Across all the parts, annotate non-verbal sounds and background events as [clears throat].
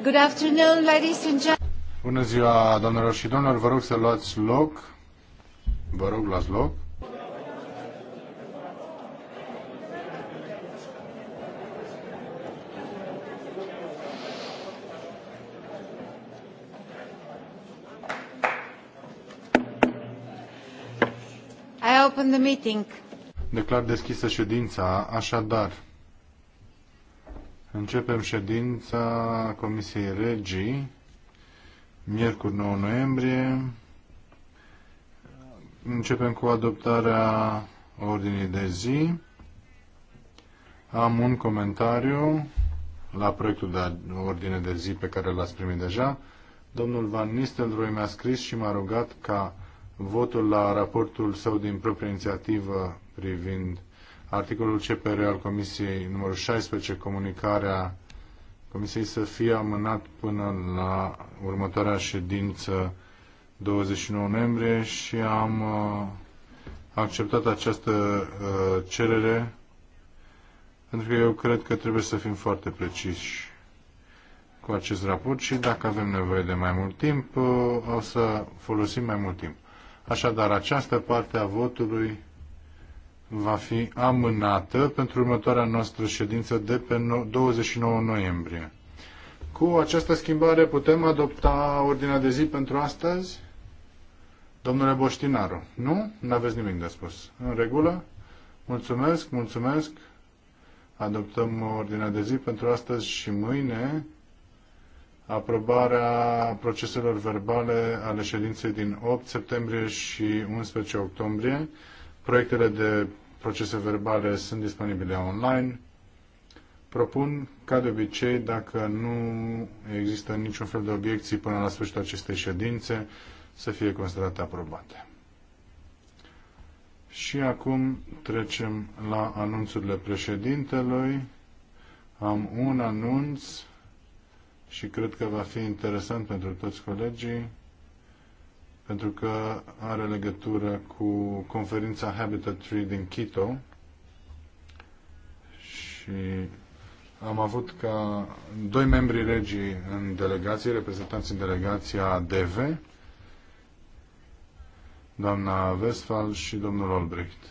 Good afternoon, ladies and gentlemen. Bună ziua, domnilor și domnilor. Vă rog să luați loc. Vă rog, luați loc. I open the meeting. Declar deschisă ședința, așadar, Începem ședința Comisiei Regii, miercuri 9 noiembrie. Începem cu adoptarea ordinii de zi. Am un comentariu la proiectul de ordine de zi pe care l-ați primit deja. Domnul Van Nistelrooy mi-a scris și m-a rugat ca votul la raportul său din proprie inițiativă privind articolul CPR al Comisiei numărul 16, comunicarea Comisiei să fie amânat până la următoarea ședință 29 noiembrie și am uh, acceptat această uh, cerere pentru că eu cred că trebuie să fim foarte preciși cu acest raport și dacă avem nevoie de mai mult timp, uh, o să folosim mai mult timp. Așadar, această parte a votului va fi amânată pentru următoarea noastră ședință de pe 29 noiembrie. Cu această schimbare putem adopta ordinea de zi pentru astăzi? Domnule Boștinaru, nu? Nu aveți nimic de spus. În regulă? Mulțumesc, mulțumesc. Adoptăm ordinea de zi pentru astăzi și mâine. Aprobarea proceselor verbale ale ședinței din 8 septembrie și 11 octombrie. Proiectele de procese verbale sunt disponibile online. Propun, ca de obicei, dacă nu există niciun fel de obiecții până la sfârșitul acestei ședințe, să fie considerate aprobate. Și acum trecem la anunțurile președintelui. Am un anunț și cred că va fi interesant pentru toți colegii pentru că are legătură cu conferința Habitat Tree din Quito și am avut ca doi membri regii în delegație, reprezentanți în delegația DV, doamna Westphal și domnul Olbricht.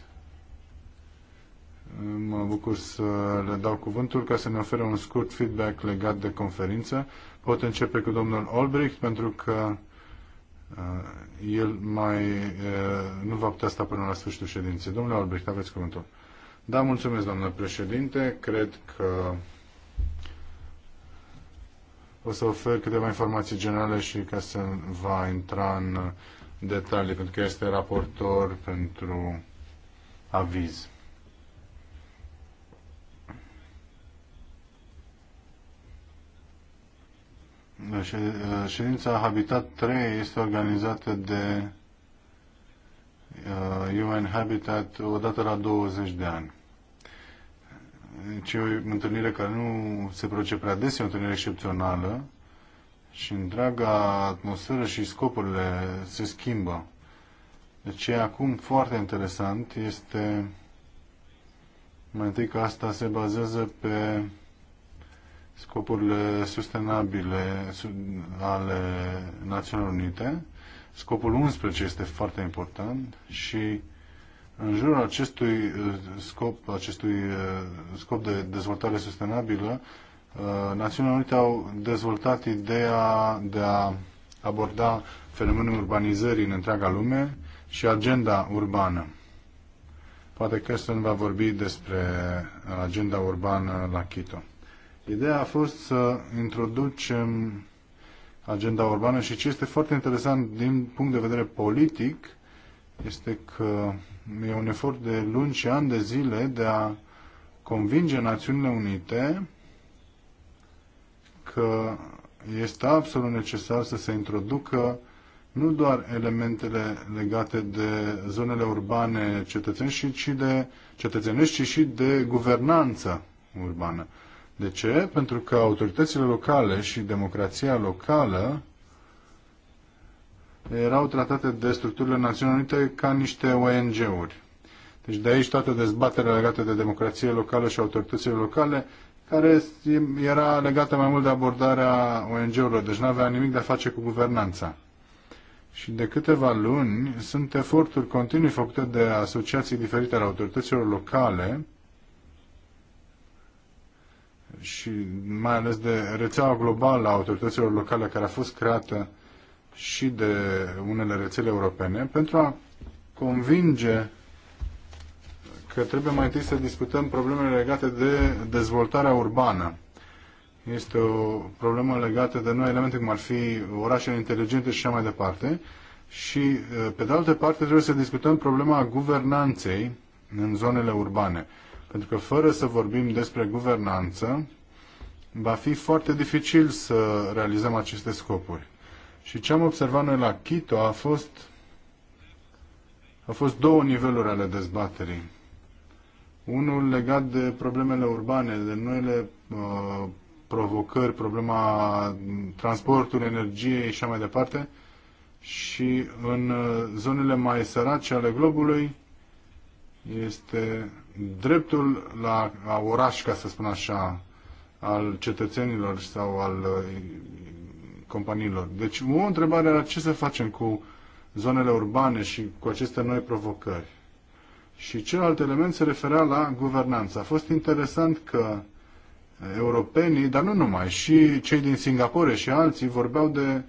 Mă bucur să le dau cuvântul ca să ne ofere un scurt feedback legat de conferință. Pot începe cu domnul Olbricht pentru că Uh, el mai uh, nu va putea sta până la sfârșitul ședinței. Domnule Albrecht, aveți cuvântul. Da, mulțumesc, doamnă președinte. Cred că o să ofer câteva informații generale și ca să va intra în detalii, pentru că este raportor pentru aviz. Ședința Habitat 3 este organizată de uh, UN Habitat o dată la 20 de ani. Deci e o întâlnire care nu se produce prea des, e o întâlnire excepțională și întreaga atmosferă și scopurile se schimbă. Deci ce acum foarte interesant este mai întâi că asta se bazează pe scopurile sustenabile ale Națiunilor Unite. Scopul 11 este foarte important și în jurul acestui uh, scop, acestui uh, scop de dezvoltare sustenabilă, uh, Națiunile Unite au dezvoltat ideea de a aborda fenomenul urbanizării în întreaga lume și agenda urbană. Poate că Kirsten va vorbi despre agenda urbană la Quito. Ideea a fost să introducem agenda urbană și ce este foarte interesant din punct de vedere politic este că e un efort de luni și ani de zile de a convinge Națiunile Unite că este absolut necesar să se introducă nu doar elementele legate de zonele urbane cetățenești, ci de cetățenești, ci și de guvernanță urbană. De ce? Pentru că autoritățile locale și democrația locală erau tratate de structurile Națiunilor Unite ca niște ONG-uri. Deci de aici toată dezbaterea legată de democrație locală și autoritățile locale, care era legată mai mult de abordarea ONG-urilor, deci nu avea nimic de a face cu guvernanța. Și de câteva luni sunt eforturi continui făcute de asociații diferite ale autorităților locale și mai ales de rețeaua globală a autorităților locale care a fost creată și de unele rețele europene pentru a convinge că trebuie mai întâi să discutăm problemele legate de dezvoltarea urbană. Este o problemă legată de noi elemente cum ar fi orașele inteligente și așa mai departe. Și, eh, pe de altă parte, trebuie să discutăm problema guvernanței în zonele urbane. Pentru că fără să vorbim despre guvernanță, va fi foarte dificil să realizăm aceste scopuri. Și ce am observat noi la Quito a fost, a fost două niveluri ale dezbaterii. Unul legat de problemele urbane, de noile uh, provocări, problema transportului, energiei și așa mai departe. Și în uh, zonele mai sărace ale globului este dreptul la, la oraș, ca să spun așa, al cetățenilor sau al uh, companiilor. Deci o întrebare era ce să facem cu zonele urbane și cu aceste noi provocări. Și celălalt element se referea la guvernanță. A fost interesant că europenii, dar nu numai, și cei din Singapore și alții vorbeau de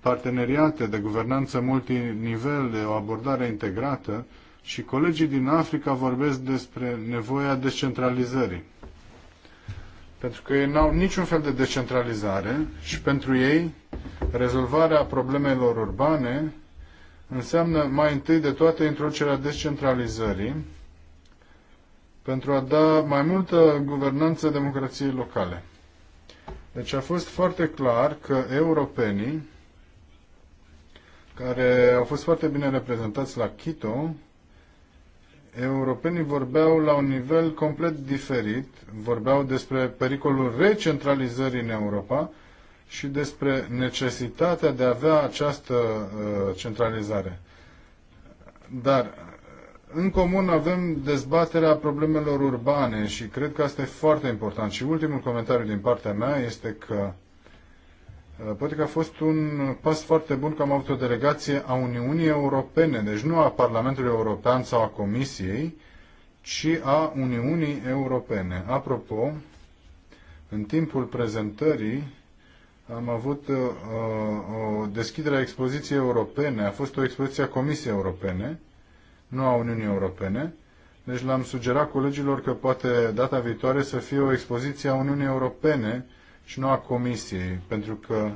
parteneriate, de guvernanță multinivel, de o abordare integrată și colegii din Africa vorbesc despre nevoia descentralizării. Pentru că ei n-au niciun fel de descentralizare și pentru ei rezolvarea problemelor urbane înseamnă mai întâi de toate introducerea descentralizării pentru a da mai multă guvernanță democrației locale. Deci a fost foarte clar că europenii, care au fost foarte bine reprezentați la Quito, europenii vorbeau la un nivel complet diferit, vorbeau despre pericolul recentralizării în Europa și despre necesitatea de a avea această uh, centralizare. Dar uh, în comun avem dezbaterea problemelor urbane și cred că asta e foarte important. Și ultimul comentariu din partea mea este că Uh, poate că a fost un pas foarte bun că am avut o delegație a Uniunii Europene, deci nu a Parlamentului European sau a Comisiei, ci a Uniunii Europene. Apropo, în timpul prezentării am avut uh, uh o deschidere a expoziției europene, a fost o expoziție a Comisiei Europene, nu a Uniunii Europene, deci l-am sugerat colegilor că poate data viitoare să fie o expoziție a Uniunii Europene și nu a Comisiei, pentru că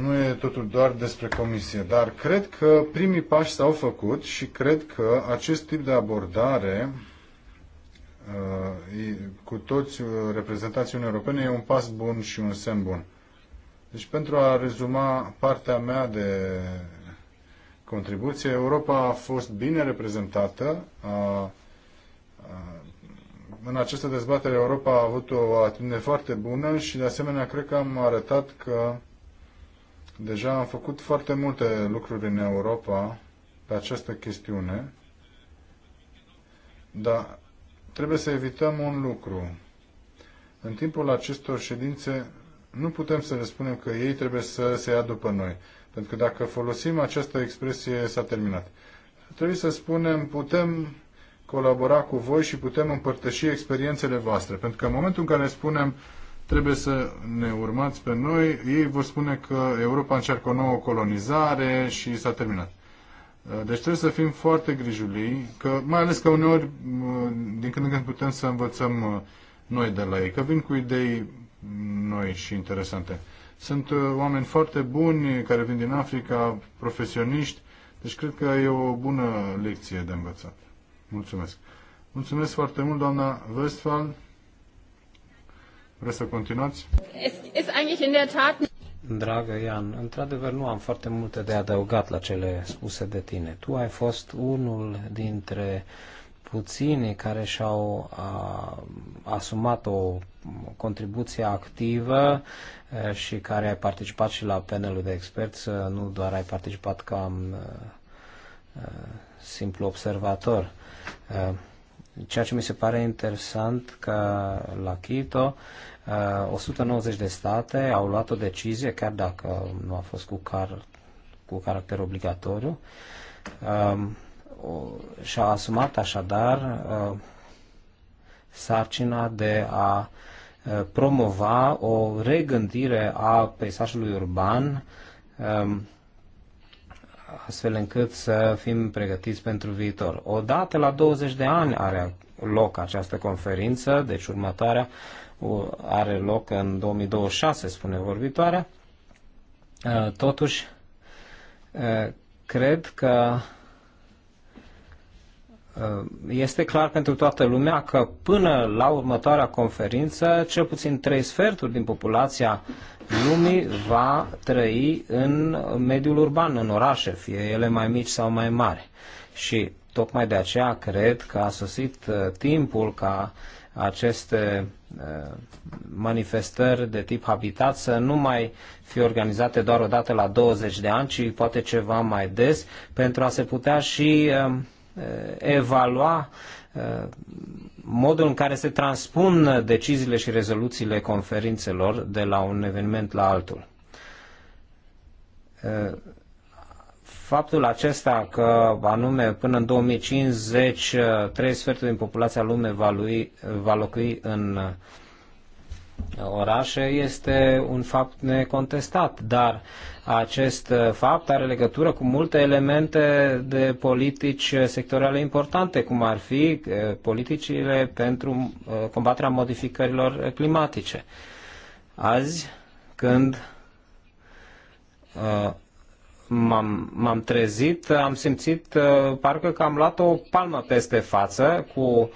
nu e totul doar despre Comisie, dar cred că primii pași s-au făcut și cred că acest tip de abordare uh, cu toți uh, reprezentații Uniunii Europene e un pas bun și un semn bun. Deci pentru a rezuma partea mea de contribuție, Europa a fost bine reprezentată, a, a în această dezbatere Europa a avut o atitudine foarte bună și de asemenea cred că am arătat că deja am făcut foarte multe lucruri în Europa pe această chestiune, dar trebuie să evităm un lucru. În timpul acestor ședințe nu putem să le spunem că ei trebuie să se ia după noi. Pentru că dacă folosim această expresie, s-a terminat. Trebuie să spunem, putem colabora cu voi și putem împărtăși experiențele voastre. Pentru că în momentul în care spunem trebuie să ne urmați pe noi, ei vor spune că Europa încearcă o nouă colonizare și s-a terminat. Uh, deci trebuie să fim foarte grijulii, că, mai ales că uneori, uh, din când în când putem să învățăm uh, noi de la ei, că vin cu idei noi și interesante. Sunt oameni foarte buni care vin din Africa, profesioniști, deci cred că e o bună lecție de învățat. Mulțumesc. Mulțumesc foarte mult, doamna Westphal. Vreți să continuați? Dragă Ian, într-adevăr nu am foarte multe de adăugat la cele spuse de tine. Tu ai fost unul dintre puținii care și-au asumat o contribuție activă și care ai participat și la panelul de experți, nu doar ai participat ca simplu observator. Uh, ceea ce mi se pare interesant că la Quito 190 uh, de state au luat o decizie, chiar dacă nu a fost cu, car, cu caracter obligatoriu, um, și-a asumat așadar uh, sarcina de a promova o regândire a peisajului urban um, astfel încât să fim pregătiți pentru viitor. Odată la 20 de ani are loc această conferință, deci următoarea are loc în 2026, spune vorbitoarea. Uh, totuși, uh, cred că Uh, este clar pentru toată lumea că până la următoarea conferință, cel puțin trei sferturi din populația lumii va trăi în mediul urban, în orașe, fie ele mai mici sau mai mari. Și tocmai de aceea cred că a sosit uh, timpul ca aceste uh, manifestări de tip habitat să nu mai fie organizate doar o dată la 20 de ani, ci poate ceva mai des, pentru a se putea și Uh, evalua uh, modul în care se transpun deciziile și rezoluțiile conferințelor de la un eveniment la altul. Uh, faptul acesta că anume până în 2050 trei sferturi din populația lume va, lui, va locui în orașe este un fapt necontestat, dar acest uh, fapt are legătură cu multe elemente de politici uh, sectoriale importante, cum ar fi uh, politicile pentru combaterea modificărilor climatice. Azi, când m-am, trezit, am simțit parcă că am luat o palmă peste față cu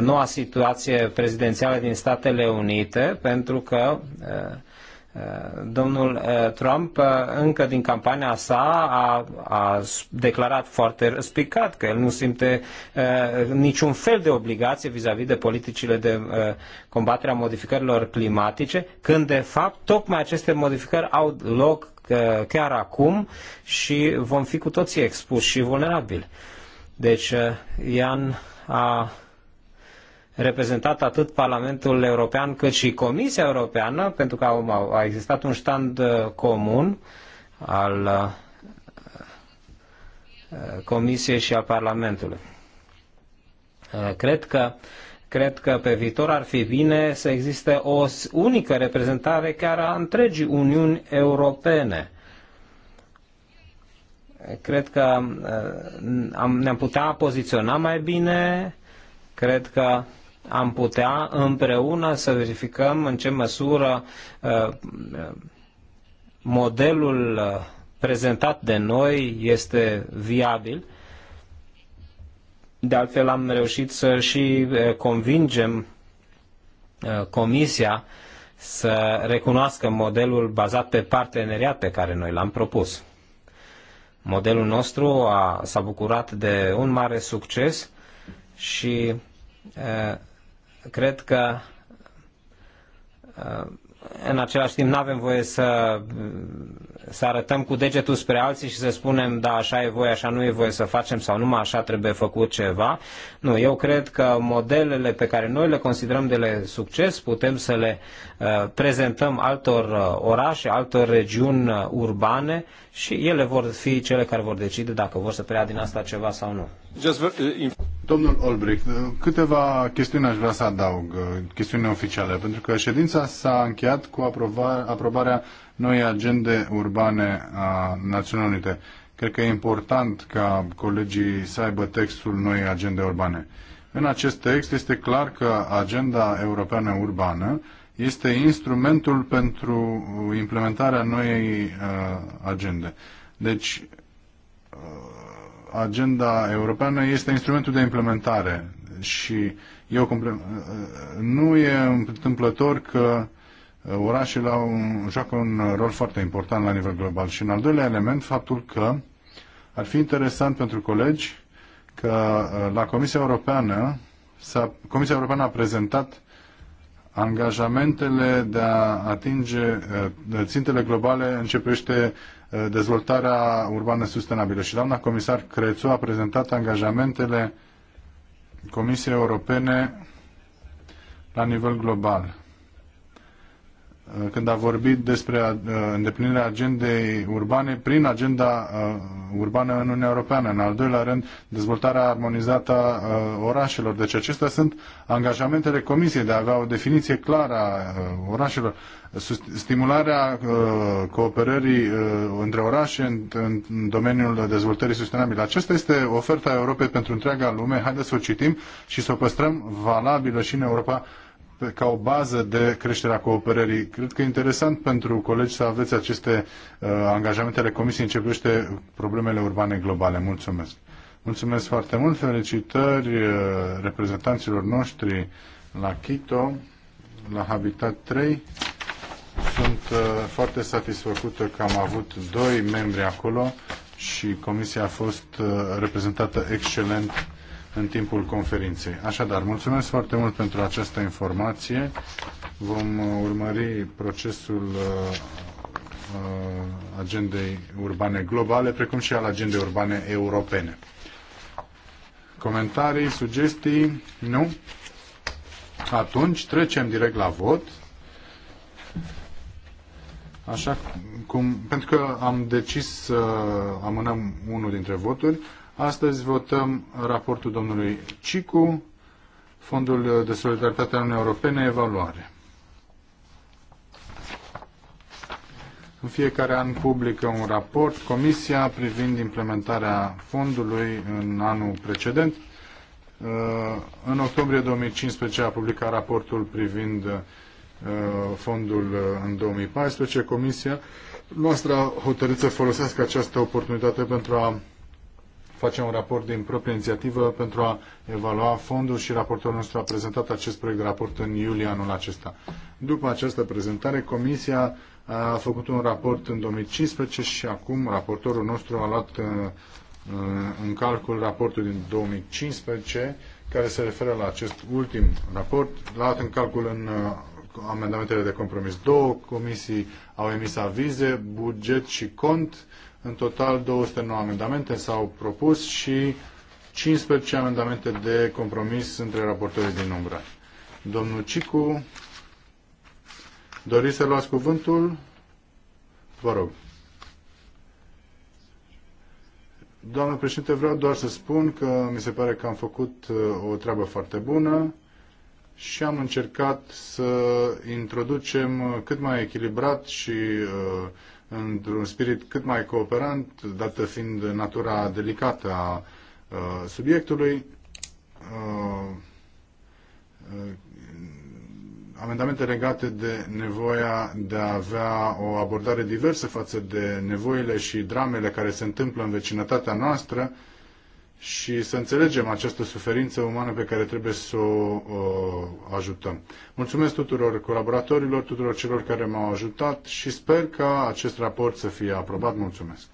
noua situație prezidențială din Statele Unite, pentru că Domnul eh, Trump, eh, încă din campania sa, a, a declarat foarte răspicat că el nu simte uh, niciun fel de obligație vis-a-vis -vis de politicile de uh, combatere a modificărilor climatice, când, de fapt, tocmai aceste modificări au loc uh, chiar acum și vom fi cu toții expuși și vulnerabili. Deci, Ian a reprezentat atât Parlamentul European cât și Comisia Europeană, pentru că a existat un stand uh, comun al uh, uh, Comisiei și al Parlamentului. Cred că, cred că pe viitor ar fi bine să existe o unică reprezentare chiar a întregii Uniuni Europene cred că am, ne-am putea poziționa mai bine, cred că am putea împreună să verificăm în ce măsură uh, uh, modelul uh, prezentat de noi este viabil. De altfel am reușit să și convingem Comisia să recunoască modelul bazat pe parteneriat pe care noi l-am propus. Modelul nostru a, s-a bucurat de un mare succes și cred că uh, în același timp nu avem voie să, să arătăm cu degetul spre alții și să spunem da, așa e voie, așa nu e voie să facem sau numai așa trebuie făcut ceva. Nu, eu cred că modelele pe care noi le considerăm de le succes putem să le uh, prezentăm altor uh, orașe, altor regiuni uh, urbane și ele vor fi cele care vor decide dacă vor să preia din asta ceva sau nu. Uh, Domnul Olbrich, uh, câteva chestiuni aș vrea să adaug, uh, chestiuni oficiale, pentru că ședința s-a încheiat cu aprobarea noii agende urbane a Națiunilor Unite. Cred că e important ca colegii să aibă textul noii agende urbane. În acest text este clar că agenda europeană urbană este instrumentul pentru implementarea noii uh, agende. Deci, uh, agenda europeană este instrumentul de implementare și eu uh, uh, nu e întâmplător că uh, orașele au, un, joacă un rol foarte important la nivel global. Și în al doilea element, faptul că ar fi interesant pentru colegi că uh, la Comisia Europeană Comisia Europeană a prezentat angajamentele de a atinge uh, țintele globale în ce privește uh, dezvoltarea urbană sustenabilă. Și doamna comisar Crețu a prezentat angajamentele Comisiei Europene la nivel global. Uh, când a vorbit despre uh, îndeplinirea agendei urbane prin agenda uh, urbană în Uniunea Europeană. În al doilea rând, dezvoltarea armonizată a orașelor. Deci acestea sunt angajamentele Comisiei de a avea o definiție clară a orașelor. Stimularea cooperării între orașe în domeniul dezvoltării sustenabile. Aceasta este oferta Europei pentru întreaga lume. Haideți să o citim și să o păstrăm valabilă și în Europa ca o bază de creșterea cooperării. Cred că e interesant pentru colegi să aveți aceste uh, angajamente ale Comisiei în ce privește problemele urbane globale. Mulțumesc! Mulțumesc foarte mult! Felicitări uh, reprezentanților noștri la Quito, la Habitat 3. Sunt uh, foarte satisfăcută că am avut doi membri acolo și comisia a fost uh, reprezentată excelent în timpul conferinței. Așadar, mulțumesc foarte mult pentru această informație. Vom uh, urmări procesul uh, uh, agendei urbane globale, precum și al agendei urbane europene. Comentarii, sugestii? Nu? Atunci trecem direct la vot. Așa cum, pentru că am decis să amânăm unul dintre voturi, Astăzi votăm raportul domnului Cicu, Fondul de Solidaritate al Uniunii Europene, evaluare. În fiecare an publică un raport Comisia privind implementarea fondului în anul precedent. În octombrie 2015 a publicat raportul privind uh, fondul uh, în 2014. Comisia noastră a hotărât să folosească această oportunitate pentru a face un raport din proprie inițiativă pentru a evalua fondul și raportorul nostru a prezentat acest proiect de raport în iulie anul acesta. După această prezentare, Comisia a făcut un raport în 2015 și acum raportorul nostru a luat uh, uh, în calcul raportul din 2015 care se referă la acest ultim raport, luat în calcul în uh, amendamentele de compromis. Două comisii au emis avize, buget și cont în total, 209 amendamente s-au propus și 15 amendamente de compromis între raportorii din umbră. Domnul Cicu, doriți să luați cuvântul? Vă rog. Doamnă președinte, vreau doar să spun că mi se pare că am făcut uh, o treabă foarte bună și am încercat să introducem cât mai echilibrat și uh, într-un spirit cât mai cooperant, dată fiind natura delicată a uh, subiectului, uh, uh amendamente legate de nevoia de a avea o abordare diversă față de nevoile și dramele care se întâmplă în vecinătatea noastră, și să înțelegem această suferință umană pe care trebuie să o uh, ajutăm. Mulțumesc tuturor colaboratorilor, tuturor celor care m-au ajutat și sper ca acest raport să fie aprobat. Mulțumesc!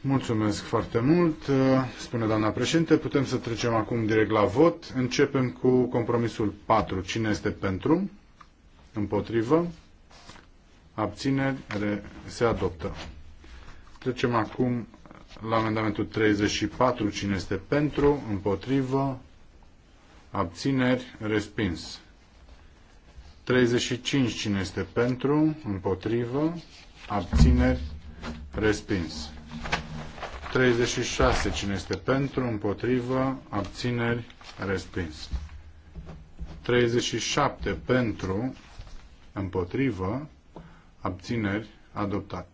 Mulțumesc foarte mult, spune doamna președinte. Putem să trecem acum direct la vot. Începem cu compromisul 4. Cine este pentru? Împotrivă? Abțineri? Se adoptă. Trecem acum la amendamentul 34. Cine este pentru? Împotrivă? Abțineri? Respins. 35. Cine este pentru? Împotrivă? Abțineri? Respins. 36. Cine este pentru? Împotrivă? Abțineri? Respins. 37. Pentru? Împotrivă? Abțineri? Adoptat.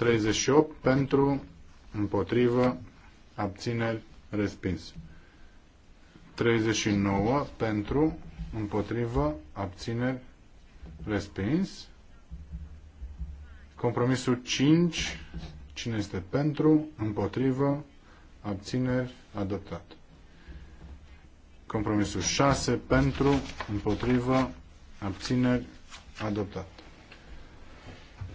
38 pentru, împotrivă, abțineri, respins. 39 pentru, împotrivă, abțineri, respins. Compromisul 5, cine este pentru, împotrivă, abțineri, adoptat. Compromisul 6, pentru, împotrivă, abțineri, adoptat.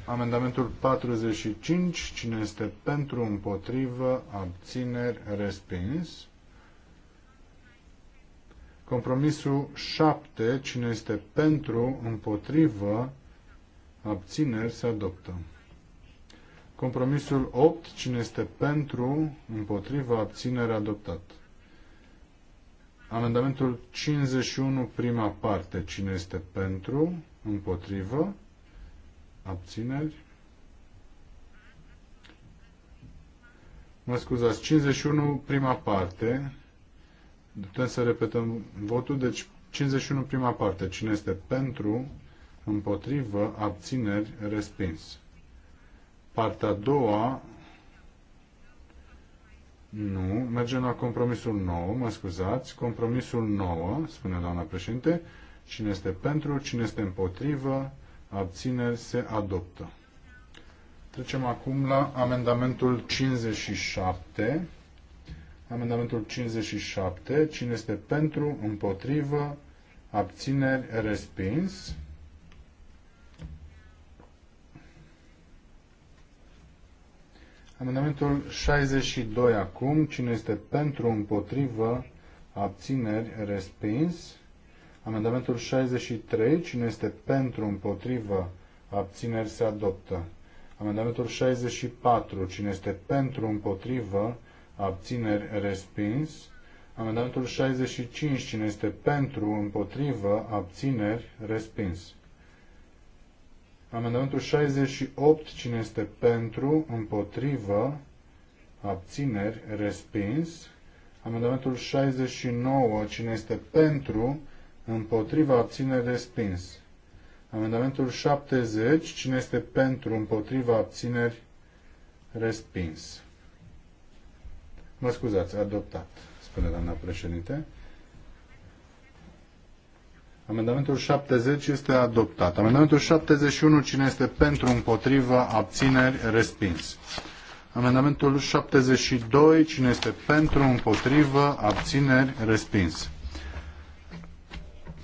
Amendamentul 45, cine este pentru, împotrivă, abțineri, respins. Compromisul 7, cine este pentru, împotrivă, abțineri, se adoptă. Compromisul 8, cine este pentru, împotrivă, abțineri, adoptat. Amendamentul 51, prima parte, cine este pentru, împotrivă, abțineri. Mă scuzați, 51 prima parte. Putem să repetăm votul. Deci 51 prima parte. Cine este pentru, împotrivă, abțineri, respins. Partea a doua, nu. Mergem la compromisul nou. mă scuzați. Compromisul nou, spune doamna președinte. Cine este pentru, cine este împotrivă, abțineri, se adoptă. Trecem acum la amendamentul 57. Amendamentul 57. Cine este pentru, împotrivă, abțineri, respins. Amendamentul 62 acum. Cine este pentru, împotrivă, abțineri, respins. Amendamentul 63, cine este pentru, împotrivă, abțineri, se adoptă. Amendamentul 64, cine este pentru, împotrivă, abțineri, respins. Amendamentul 65, cine este pentru, împotrivă, abțineri, respins. Amendamentul 68, cine este pentru, împotrivă, abțineri, respins. Amendamentul 69, cine este pentru, împotriva, abține respins. Amendamentul 70, cine este pentru, împotriva, abțineri, respins. Mă scuzați, adoptat, spune doamna președinte. Amendamentul 70 este adoptat. Amendamentul 71, cine este pentru, împotriva, abțineri, respins. Amendamentul 72, cine este pentru, împotriva abțineri, respins.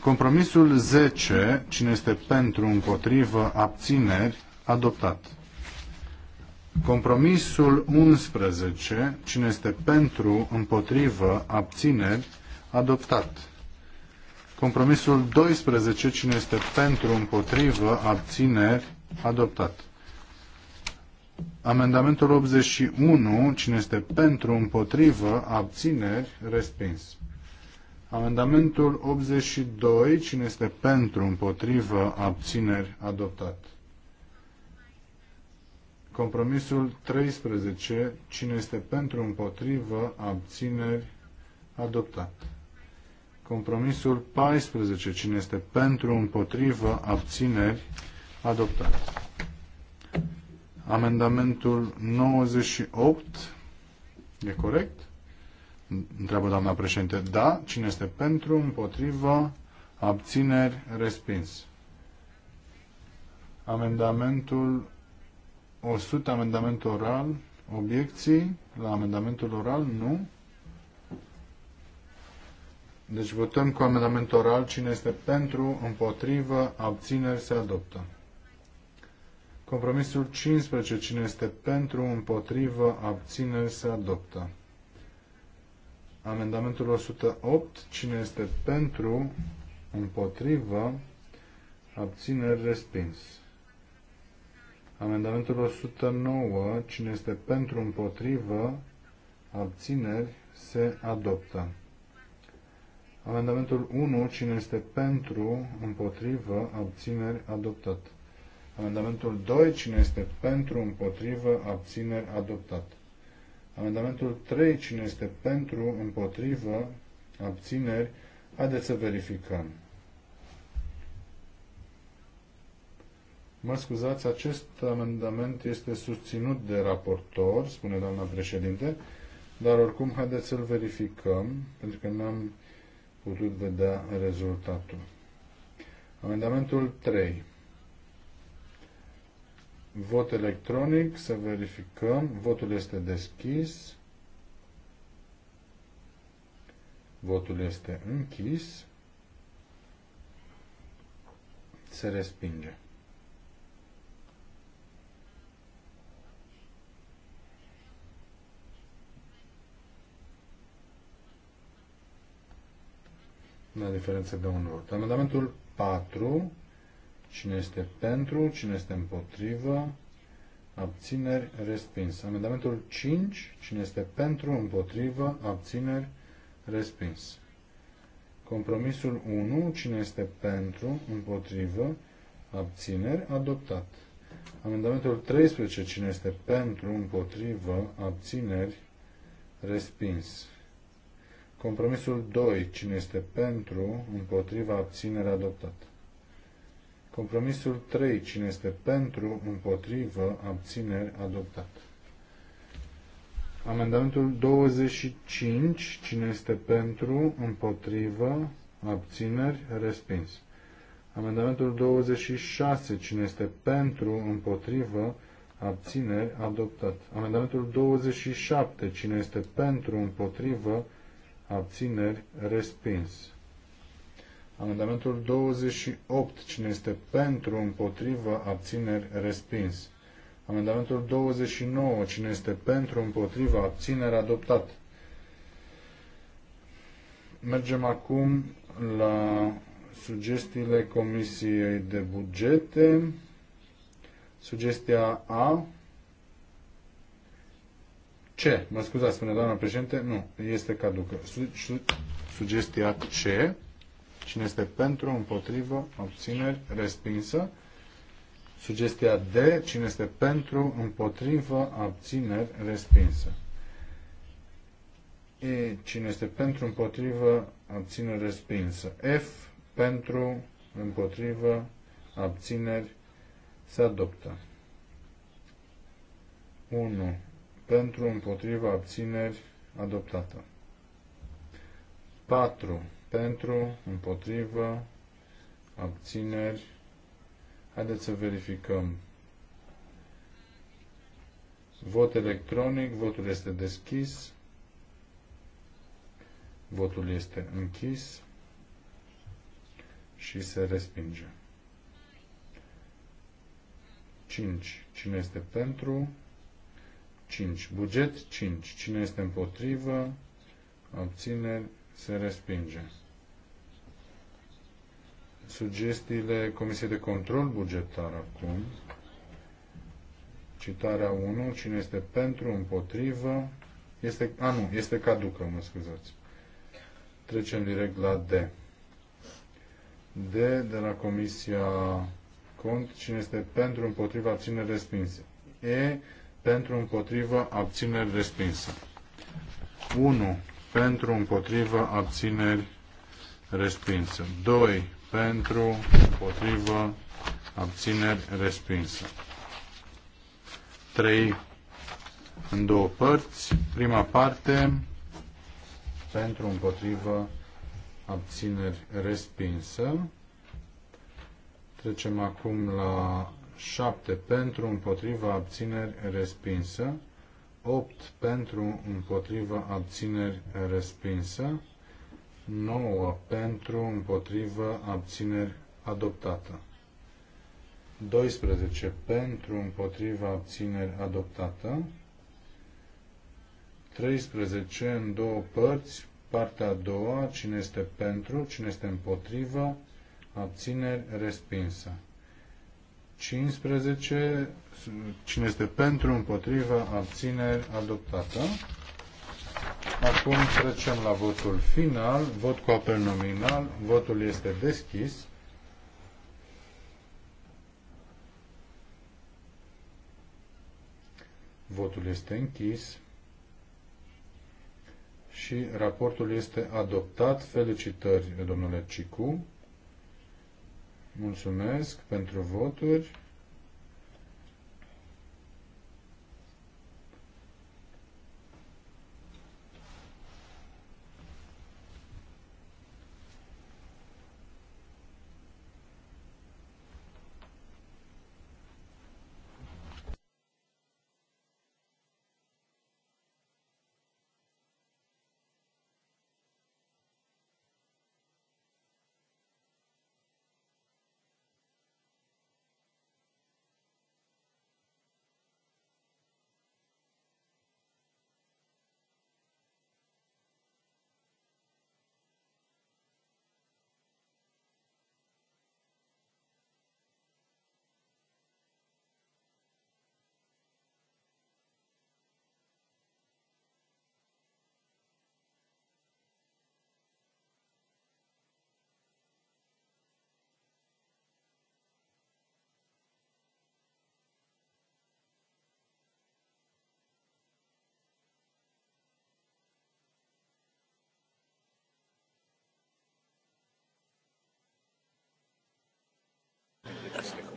Compromisul 10, cine este pentru, împotrivă, abțineri, adoptat. Compromisul 11, cine este pentru, împotrivă, abțineri, adoptat. Compromisul 12, cine este pentru, împotrivă, abțineri, adoptat. Amendamentul 81, cine este pentru, împotrivă, abțineri, respins. Amendamentul 82, cine este pentru, împotrivă, abțineri, adoptat. Compromisul 13, cine este pentru, împotrivă, abțineri, adoptat. Compromisul 14, cine este pentru, împotrivă, abțineri, adoptat. Amendamentul 98, e corect? Întreabă doamna președinte. Da. Cine este pentru? Împotrivă? Abțineri? Respins. Amendamentul 100, amendament oral. Obiecții la amendamentul oral? Nu. Deci votăm cu amendament oral. Cine este pentru, împotrivă, abțineri, se adoptă. Compromisul 15. Cine este pentru, împotrivă, abțineri, se adoptă. Amendamentul 108. Cine este pentru? Împotrivă? Abțineri? Respins. Amendamentul 109. Cine este pentru? Împotrivă? Abțineri? Se adoptă. Amendamentul 1. Cine este pentru? Împotrivă? Abțineri? Adoptat. Amendamentul 2. Cine este pentru? Împotrivă? Abțineri? Adoptat. Amendamentul 3, cine este pentru, împotrivă, abțineri, haideți să verificăm. Mă scuzați, acest amendament este susținut de raportor, spune doamna președinte, dar oricum haideți să-l verificăm, pentru că n-am putut vedea rezultatul. Amendamentul 3. Vot electronic, să verificăm. Votul este deschis. Votul este închis. Se respinge. La diferență de un vot. Amendamentul 4 Cine este pentru? Cine este împotrivă? Abțineri respins. Amendamentul 5. Cine este pentru? Împotrivă? Abțineri respins. Compromisul 1. Cine este pentru? Împotrivă? Abțineri adoptat. Amendamentul 13. Cine este pentru? Împotrivă? Abțineri respins. Compromisul 2. Cine este pentru? împotrivă, abțineri, adoptat. Compromisul 3. Cine este pentru, împotrivă, abțineri, adoptat. Amendamentul 25. Cine este pentru, împotrivă, abțineri, respins. Amendamentul 26. Cine este pentru, împotrivă, abțineri, adoptat. Amendamentul 27. Cine este pentru, împotrivă, abțineri, respins. Amendamentul 28. Cine este pentru, împotrivă, abțineri, respins. Amendamentul 29. Cine este pentru, împotrivă, abțineri, adoptat. Mergem acum la sugestiile Comisiei de Bugete. Sugestia A. C. Mă scuzați, spune doamna președinte. Nu, este caducă. Su- su- sugestia C Cine este pentru, împotrivă, obțineri, respinsă. Sugestia D. Cine este pentru, împotrivă, abțineri, respinsă. E. Cine este pentru, împotrivă, abțineri, respinsă. F. Pentru, împotrivă, abțineri, se adoptă. 1. Pentru, împotrivă, abțineri, adoptată. 4 pentru, împotrivă, abțineri. Haideți să verificăm. Vot electronic, votul este deschis, votul este închis și se respinge. 5. Cine este pentru? 5. Buget 5. Cine este împotrivă? Abțineri se respinge sugestiile Comisiei de Control Bugetar acum. Citarea 1. Cine este pentru, împotrivă? Este, a, nu, este caducă, mă scuzați. Trecem direct la D. D de la Comisia Cont. Cine este pentru, împotrivă, abține respinse. E pentru, împotrivă, abțineri respinse. 1. Pentru, împotrivă, abțineri respinse. 2 pentru, împotrivă, abțineri, respinsă. 3 în două părți. Prima parte, pentru, împotrivă, abțineri, respinsă. Trecem acum la 7 pentru, împotriva, abțineri, respinsă. 8 pentru, împotriva, abțineri, respinsă. 9 pentru, împotrivă, abțineri, adoptată. 12 pentru, împotrivă, abțineri, adoptată. 13 în două părți, partea a doua, cine este pentru, cine este împotrivă, abțineri, respinsă. 15, cine este pentru, împotrivă, abțineri, adoptată. Acum trecem la votul final, vot cu apel nominal, votul este deschis. Votul este închis și raportul este adoptat. Felicitări, domnule Cicu. Mulțumesc pentru voturi.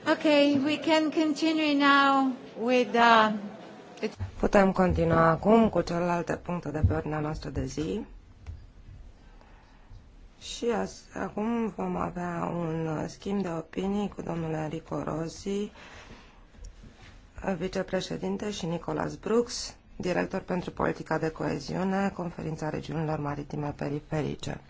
Okay, we can continue now with uh, the... Putem continua acum cu celelalte puncte de pe ordinea noastră de zi. Și acum vom avea un uh, schimb de opinii cu domnul Enrico Rossi, vicepreședinte, și Nicolas Brooks, director pentru politica de coeziune, conferința regiunilor maritime periferice.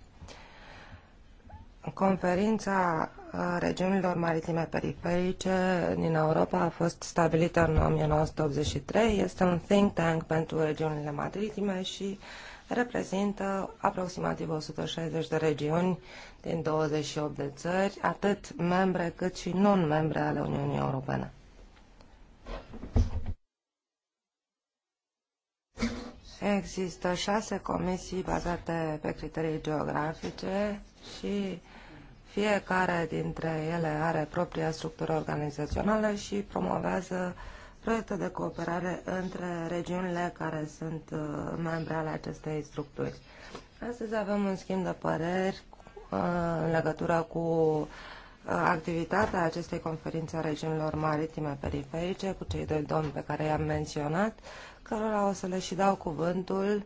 Conferința a regiunilor maritime periferice din Europa a fost stabilită în 1983. Este un think tank pentru regiunile maritime și reprezintă aproximativ 160 de regiuni din 28 de țări, atât membre cât și non-membre ale Uniunii Europene. Există șase comisii bazate pe criterii geografice și fiecare dintre ele are propria structură organizațională și promovează proiecte de cooperare între regiunile care sunt uh, membre ale acestei structuri. Astăzi avem un schimb de păreri uh, în legătură cu uh, activitatea acestei conferințe a regiunilor maritime periferice cu cei doi domni pe care i-am menționat, cărora o să le și dau cuvântul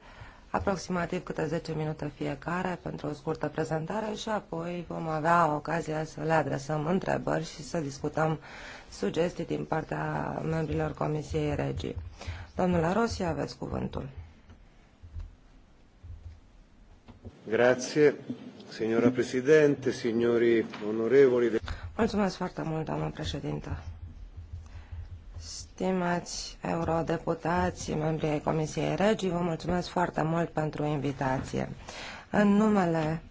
aproximativ câte 10 minute fiecare pentru o scurtă prezentare și apoi vom avea ocazia să le adresăm întrebări și să discutăm sugestii din partea membrilor Comisiei Regii. Domnule Rossi, aveți cuvântul. Grazie, signora Presidente, signori onorevoli. Mulțumesc foarte mult, doamnă președintă. Stimați eurodeputați, membrii ai Comisiei Regii, vă mulțumesc foarte mult pentru invitație. În numele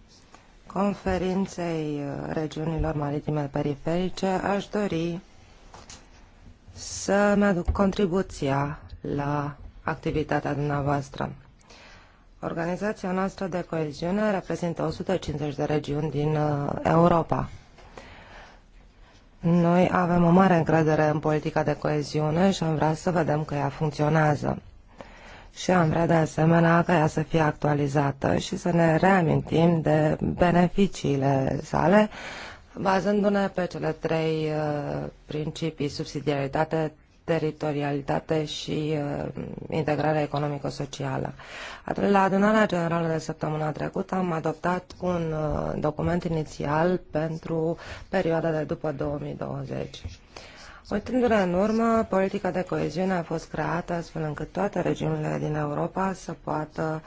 conferinței uh, regiunilor maritime periferice aș dori să-mi aduc contribuția la activitatea dumneavoastră. Organizația noastră de coeziune reprezintă 150 de regiuni din uh, Europa. Noi avem o mare încredere în politica de coeziune și am vrea să vedem că ea funcționează. Și am vrea de asemenea ca ea să fie actualizată și să ne reamintim de beneficiile sale, bazându-ne pe cele trei uh, principii, subsidiaritate, teritorialitate și uh, economico-socială. La adunarea generală de săptămâna trecută am adoptat un uh, document inițial pentru perioada de după 2020. Uitându-ne în urmă, politica de coeziune a fost creată astfel încât toate regiunile din Europa să poată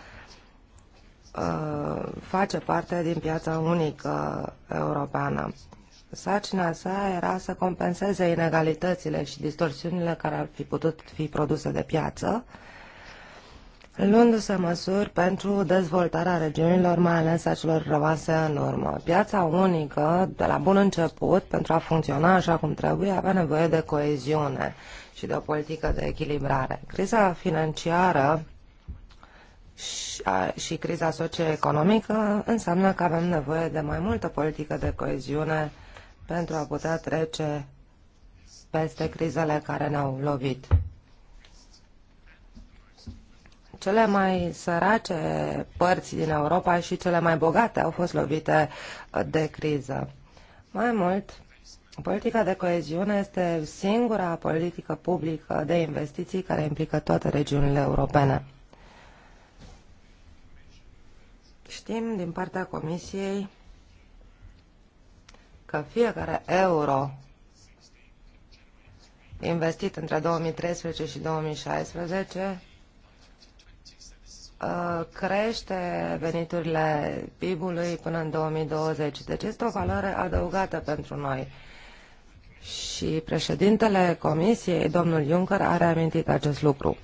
uh, face parte din piața unică europeană. Sarcina sa era să compenseze inegalitățile și distorsiunile care ar fi putut fi produse de piață, luându-se măsuri pentru dezvoltarea regiunilor, mai ales a celor rămase în urmă. Piața unică, de la bun început, pentru a funcționa așa cum trebuie, avea nevoie de coeziune și de o politică de echilibrare. Criza financiară și, criza socioeconomică înseamnă că avem nevoie de mai multă politică de coeziune pentru a putea trece peste crizele care ne-au lovit. Cele mai sărace părți din Europa și cele mai bogate au fost lovite de criză. Mai mult, politica de coeziune este singura politică publică de investiții care implică toate regiunile europene. Știm din partea Comisiei că fiecare euro investit între 2013 și 2016 uh, crește veniturile PIB-ului până în 2020. Deci este o valoare adăugată pentru noi. Și președintele Comisiei, domnul Juncker, a reamintit acest lucru.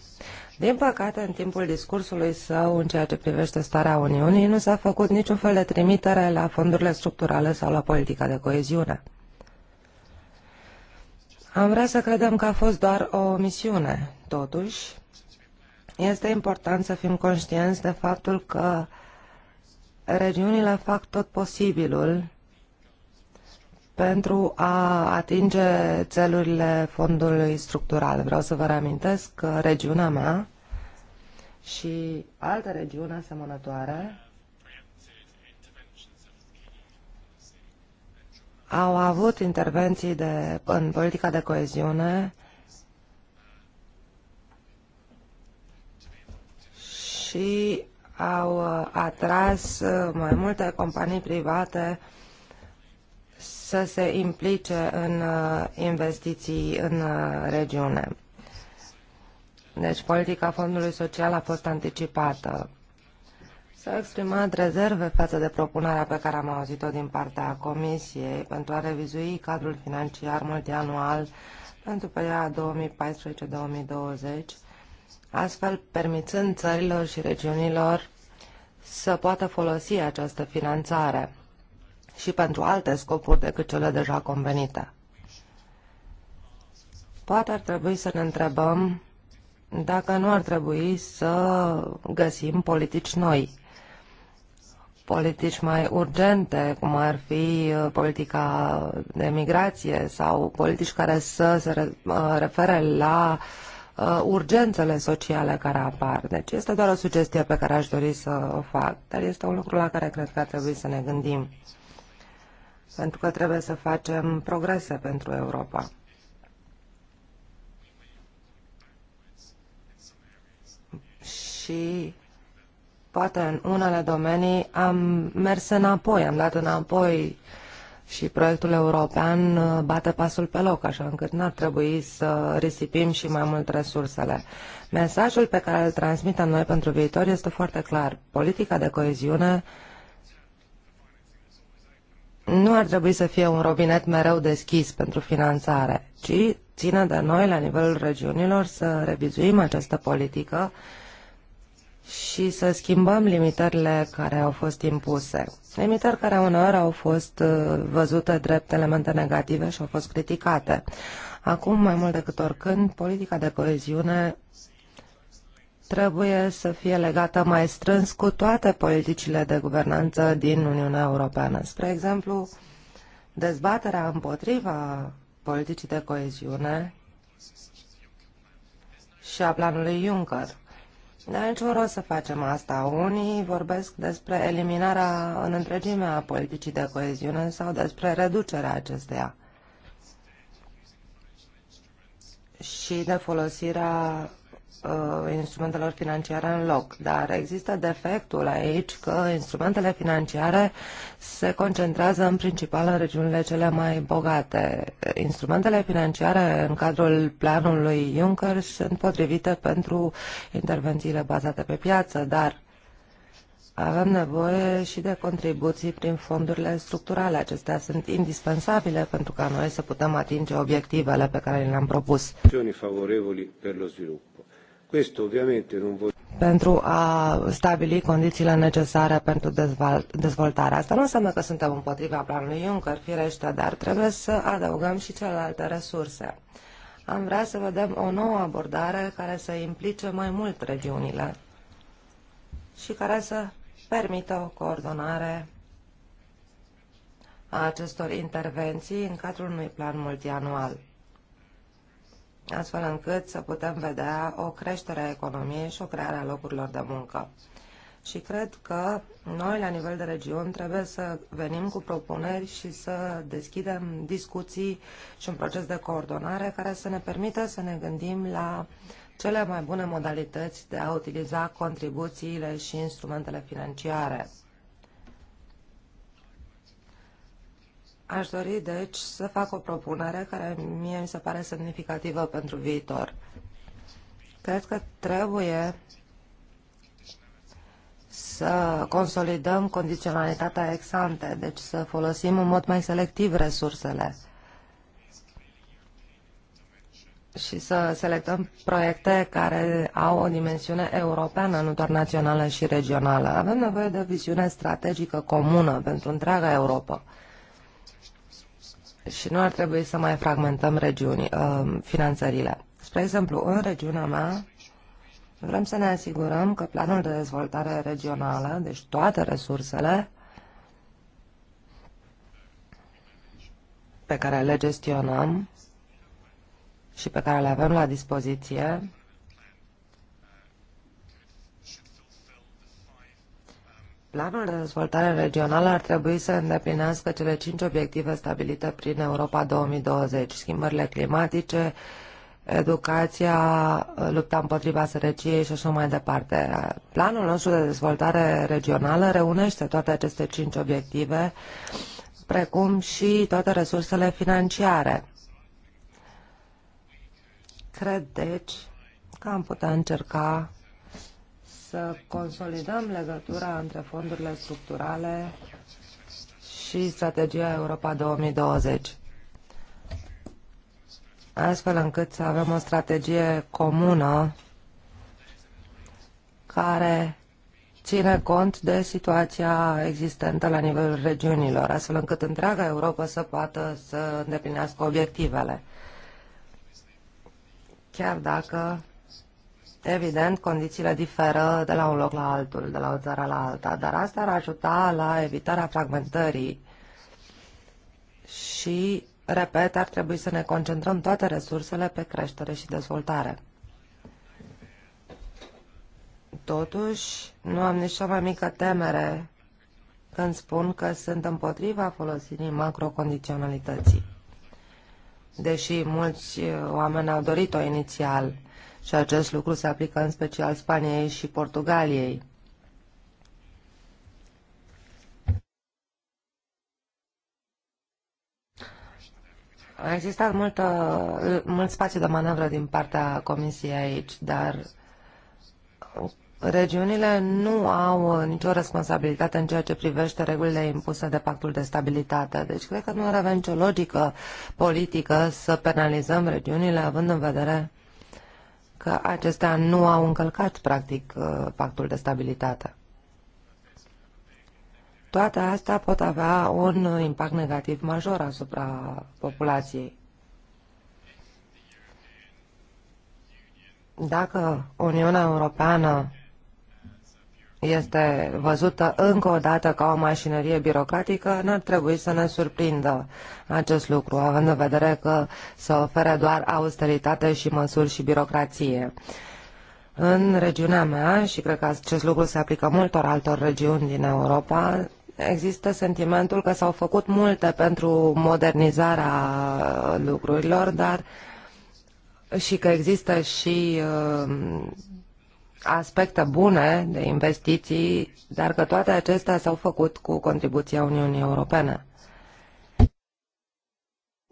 Din păcate, în timpul discursului său în ceea ce privește starea Uniunii, nu s-a făcut niciun fel de trimitere la fondurile structurale sau la politica de coeziune. Am vrea să credem că a fost doar o misiune. Totuși, este important să fim conștienți de faptul că regiunile fac tot posibilul pentru a atinge țelurile fondului structural. Vreau să vă reamintesc că regiunea mea și altă regiune asemănătoare au avut intervenții de, în politica de coeziune și au atras mai multe companii private uh, să se implice în uh, investiții în uh, regiune. Deci politica fondului social a fost anticipată. S-au exprimat rezerve față de propunerea pe care am auzit-o din partea Comisiei pentru a revizui cadrul financiar multianual pentru perioada 2014-2020, astfel permițând țărilor și regiunilor să poată folosi această finanțare și pentru alte scopuri decât cele deja convenite. Poate ar trebui să ne întrebăm dacă nu ar trebui să găsim politici noi, politici mai urgente, cum ar fi uh, politica de migrație sau politici care să se uh, refere la uh, urgențele sociale care apar. Deci este doar o sugestie pe care aș dori să o fac, dar este un lucru la care cred că ar trebui să ne gândim pentru că trebuie să facem progrese pentru Europa. Și poate în unele domenii am mers înapoi, am dat înapoi și proiectul european uh, bate pasul pe loc, așa încât n-ar trebui să risipim și mai mult resursele. Mesajul pe care îl transmitem noi pentru viitor este foarte clar. Politica de coeziune uh, nu ar trebui să fie un robinet mereu deschis pentru finanțare, ci ține de noi, la nivelul regiunilor, să revizuim această politică și să schimbăm limitările care au fost impuse. Limitări care uneori au fost uh, văzute drept elemente negative și au fost criticate. Acum, mai mult decât oricând, politica de coeziune trebuie să fie legată mai strâns cu toate politicile de guvernanță din Uniunea Europeană. Spre exemplu, dezbaterea împotriva politicii de coeziune și a planului Juncker. Dar niciun rost să facem asta. Unii vorbesc despre eliminarea în întregime a politicii de coeziune sau despre reducerea acesteia și de folosirea uh, instrumentelor financiare în loc. Dar există defectul aici că instrumentele financiare se concentrează în principal în regiunile cele mai bogate. Instrumentele financiare în cadrul planului Juncker sunt potrivite pentru intervențiile bazate pe piață, dar avem nevoie și de contribuții prin fondurile structurale. Acestea sunt indispensabile pentru ca noi să putem atinge obiectivele pe care le-am propus. favorevoli per lo sviluppo. Questo ovviamente non vuol pentru a stabili condițiile necesare pentru dezvoltare. Asta nu înseamnă că suntem împotriva planului Juncker, firește, dar trebuie să adăugăm și celelalte resurse. Am vrea să vedem o nouă abordare care să implice mai mult regiunile și care să permită o coordonare a acestor intervenții în cadrul unui plan multianual astfel încât să putem vedea o creștere a economiei și o creare a locurilor de muncă. Și cred că noi, la nivel de regiuni, trebuie să venim cu propuneri și să deschidem discuții și un proces de coordonare care să ne permită să ne gândim la cele mai bune modalități de a utiliza contribuțiile și instrumentele financiare Aș dori, deci, să fac o propunere care mie mi se pare semnificativă pentru viitor. Cred că trebuie să consolidăm condiționalitatea ex ante, deci să folosim în mod mai selectiv resursele și să selectăm proiecte care au o dimensiune europeană, nu doar națională și regională. Avem nevoie de o viziune strategică comună pentru întreaga Europa și nu ar trebui să mai fragmentăm regiuni, uh, finanțările. Spre exemplu, în regiunea mea vrem să ne asigurăm că planul de dezvoltare regională, deci toate resursele pe care le gestionăm și pe care le avem la dispoziție, Planul de dezvoltare regională ar trebui să îndeplinească cele cinci obiective stabilite prin Europa 2020, schimbările climatice, educația, lupta împotriva sărăciei și așa mai departe. Planul nostru de dezvoltare regională reunește toate aceste cinci obiective, precum și toate resursele financiare. Cred, deci, că am putea încerca să consolidăm legătura între fondurile structurale și strategia Europa 2020, astfel încât să avem o strategie comună care ține cont de situația existentă la nivelul regiunilor, astfel încât întreaga Europa să poată să îndeplinească obiectivele. Chiar dacă Evident, condițiile diferă de la un loc la altul, de la o țară la alta, dar asta ar ajuta la evitarea fragmentării și, repet, ar trebui să ne concentrăm toate resursele pe creștere și dezvoltare. Totuși, nu am nici mai mică temere când spun că sunt împotriva folosirii macrocondiționalității. Deși mulți uh, oameni au dorit-o inițial, și acest lucru se aplică în special Spaniei și Portugaliei. A existat multă, mult spațiu de manevră din partea Comisiei aici, dar regiunile nu au nicio responsabilitate în ceea ce privește regulile impuse de pactul de stabilitate. Deci cred că nu ar avea nicio logică politică să penalizăm regiunile având în vedere că acestea nu au încălcat, practic, uh, pactul de stabilitate. Toate astea pot avea un impact negativ major asupra populației. Dacă Uniunea Europeană este văzută încă o dată ca o mașinărie birocratică, n-ar trebui să ne surprindă acest lucru, având în vedere că se oferă doar austeritate și măsuri și birocrație. În regiunea mea, și cred că acest lucru se aplică multor altor regiuni din Europa, există sentimentul că s-au făcut multe pentru modernizarea lucrurilor, dar și că există și uh, aspecte bune de investiții, dar că toate acestea s-au făcut cu contribuția Uniunii Europene.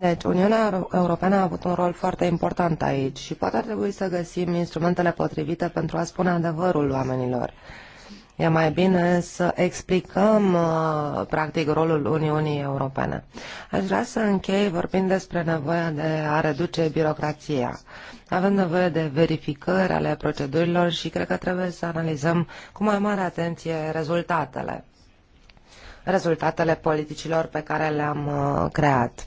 Deci, Uniunea Europeană a avut un rol foarte important aici și poate ar trebui să găsim instrumentele potrivite pentru a spune adevărul oamenilor. E mai bine să explicăm, uh, practic, rolul Uniunii Europene. Aș vrea să închei vorbind despre nevoia de a reduce birocrația. Avem nevoie de verificări ale procedurilor și cred că trebuie să analizăm cu mai mare atenție rezultatele. Rezultatele politicilor pe care le-am uh, creat.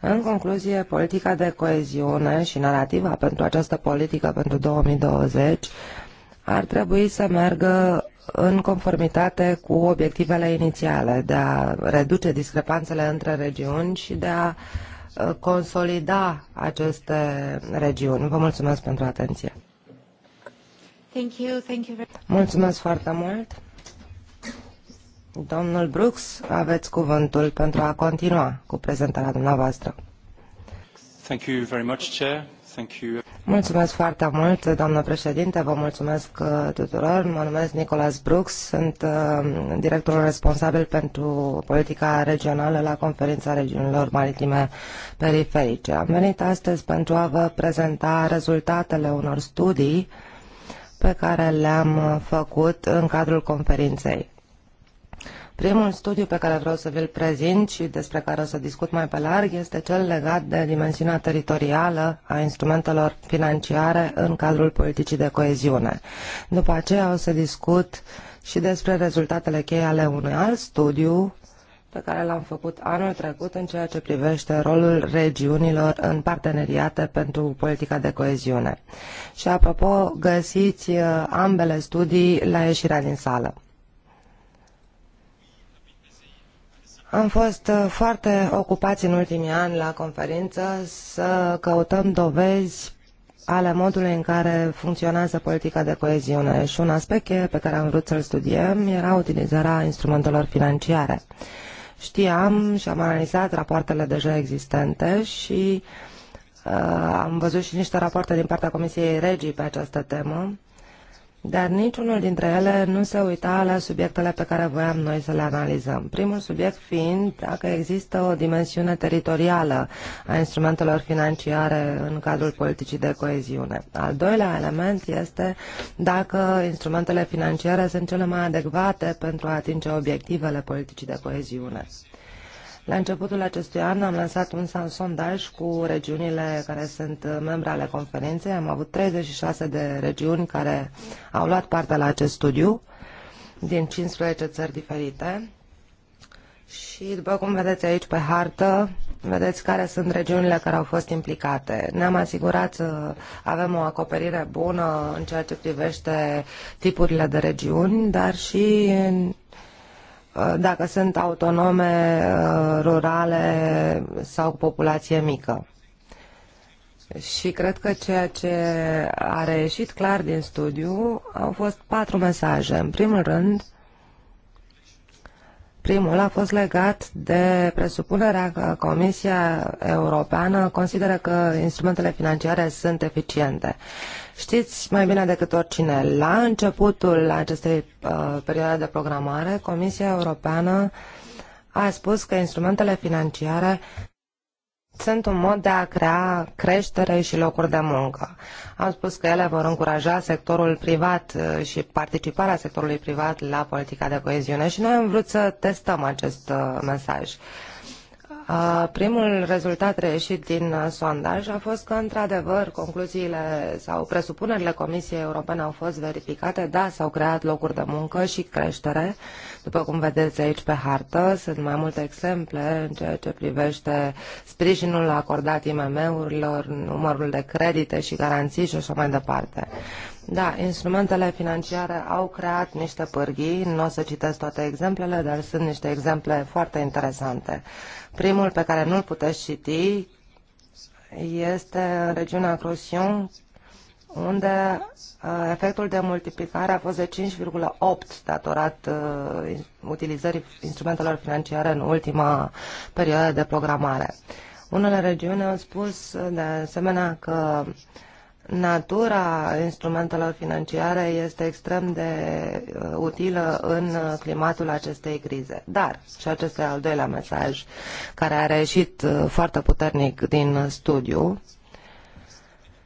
În concluzie, politica de coeziune și narrativa pentru această politică pentru 2020 ar trebui să meargă în conformitate cu obiectivele inițiale de a reduce discrepanțele între regiuni și de a ă, consolida aceste regiuni. Vă mulțumesc pentru atenție. Thank you, thank you very mulțumesc foarte mult. Domnul Brooks, aveți cuvântul pentru a continua cu prezentarea dumneavoastră. Thank you very much, Chair. Thank you. Mulțumesc foarte mult, doamnă președinte, vă mulțumesc uh, tuturor. Mă numesc Nicolas Brooks, sunt uh, directorul responsabil pentru politica regională la Conferința Regiunilor Maritime Periferice. Am venit astăzi pentru a vă prezenta rezultatele unor studii pe care le-am uh, făcut în cadrul conferinței. Primul studiu pe care vreau să vi-l prezint și despre care o să discut mai pe larg este cel legat de dimensiunea teritorială a instrumentelor financiare în cadrul politicii de coeziune. După aceea o să discut și despre rezultatele cheie ale unui alt studiu pe care l-am făcut anul trecut în ceea ce privește rolul regiunilor în parteneriate pentru politica de coeziune. Și apropo, găsiți uh, ambele studii la ieșirea din sală. Am fost uh, foarte ocupați în ultimii ani la conferință să căutăm dovezi ale modului în care funcționează politica de coeziune și un aspect pe care am vrut să-l studiem era utilizarea instrumentelor financiare. Știam și am analizat rapoartele deja existente și uh, am văzut și niște rapoarte din partea Comisiei Regii pe această temă dar niciunul dintre ele nu se uita la subiectele pe care voiam noi să le analizăm. Primul subiect fiind dacă există o dimensiune teritorială a instrumentelor financiare în cadrul politicii de coeziune. Al doilea element este dacă instrumentele financiare sunt cele mai adecvate pentru a atinge obiectivele politicii de coeziune. La începutul acestui an am lansat un sondaj cu regiunile care sunt uh, membre ale conferinței. Am avut 36 de regiuni care au luat parte la acest studiu din 15 țări diferite. Și după cum vedeți aici pe hartă, vedeți care sunt regiunile care au fost implicate. Ne-am asigurat să avem o acoperire bună în ceea ce privește tipurile de regiuni, dar și în Uh, dacă sunt autonome, uh, rurale sau cu populație mică. Și cred că ceea ce a reieșit clar din studiu au fost patru mesaje. În primul rând, Primul a fost legat de presupunerea că Comisia Europeană consideră că instrumentele financiare sunt eficiente. Știți mai bine decât oricine, la începutul acestei uh, perioade de programare, Comisia Europeană a spus că instrumentele financiare sunt un mod de a crea creștere și locuri de muncă. Am spus că ele vor încuraja sectorul privat uh, și participarea sectorului privat la politica de coeziune și noi am vrut să testăm acest uh, mesaj. Primul rezultat reieșit din uh, sondaj a fost că, într-adevăr, concluziile sau presupunerile Comisiei Europene au fost verificate. Da, s-au creat locuri de muncă și creștere. După cum vedeți aici pe hartă, sunt mai multe exemple în ceea ce privește sprijinul acordat IMM-urilor, numărul de credite și garanții și așa mai departe. Da, instrumentele financiare au creat niște pârghii, nu o să citesc toate exemplele, dar sunt niște exemple foarte interesante. Primul pe care nu-l puteți citi este în regiunea Crosion, unde uh, efectul de multiplicare a fost de 5,8 datorat uh, utilizării instrumentelor financiare în ultima perioadă de programare. Unele regiuni au spus uh, de asemenea că uh, Natura instrumentelor financiare este extrem de uh, utilă în uh, climatul acestei crize. Dar, și acesta e al doilea mesaj care a reieșit uh, foarte puternic din studiu,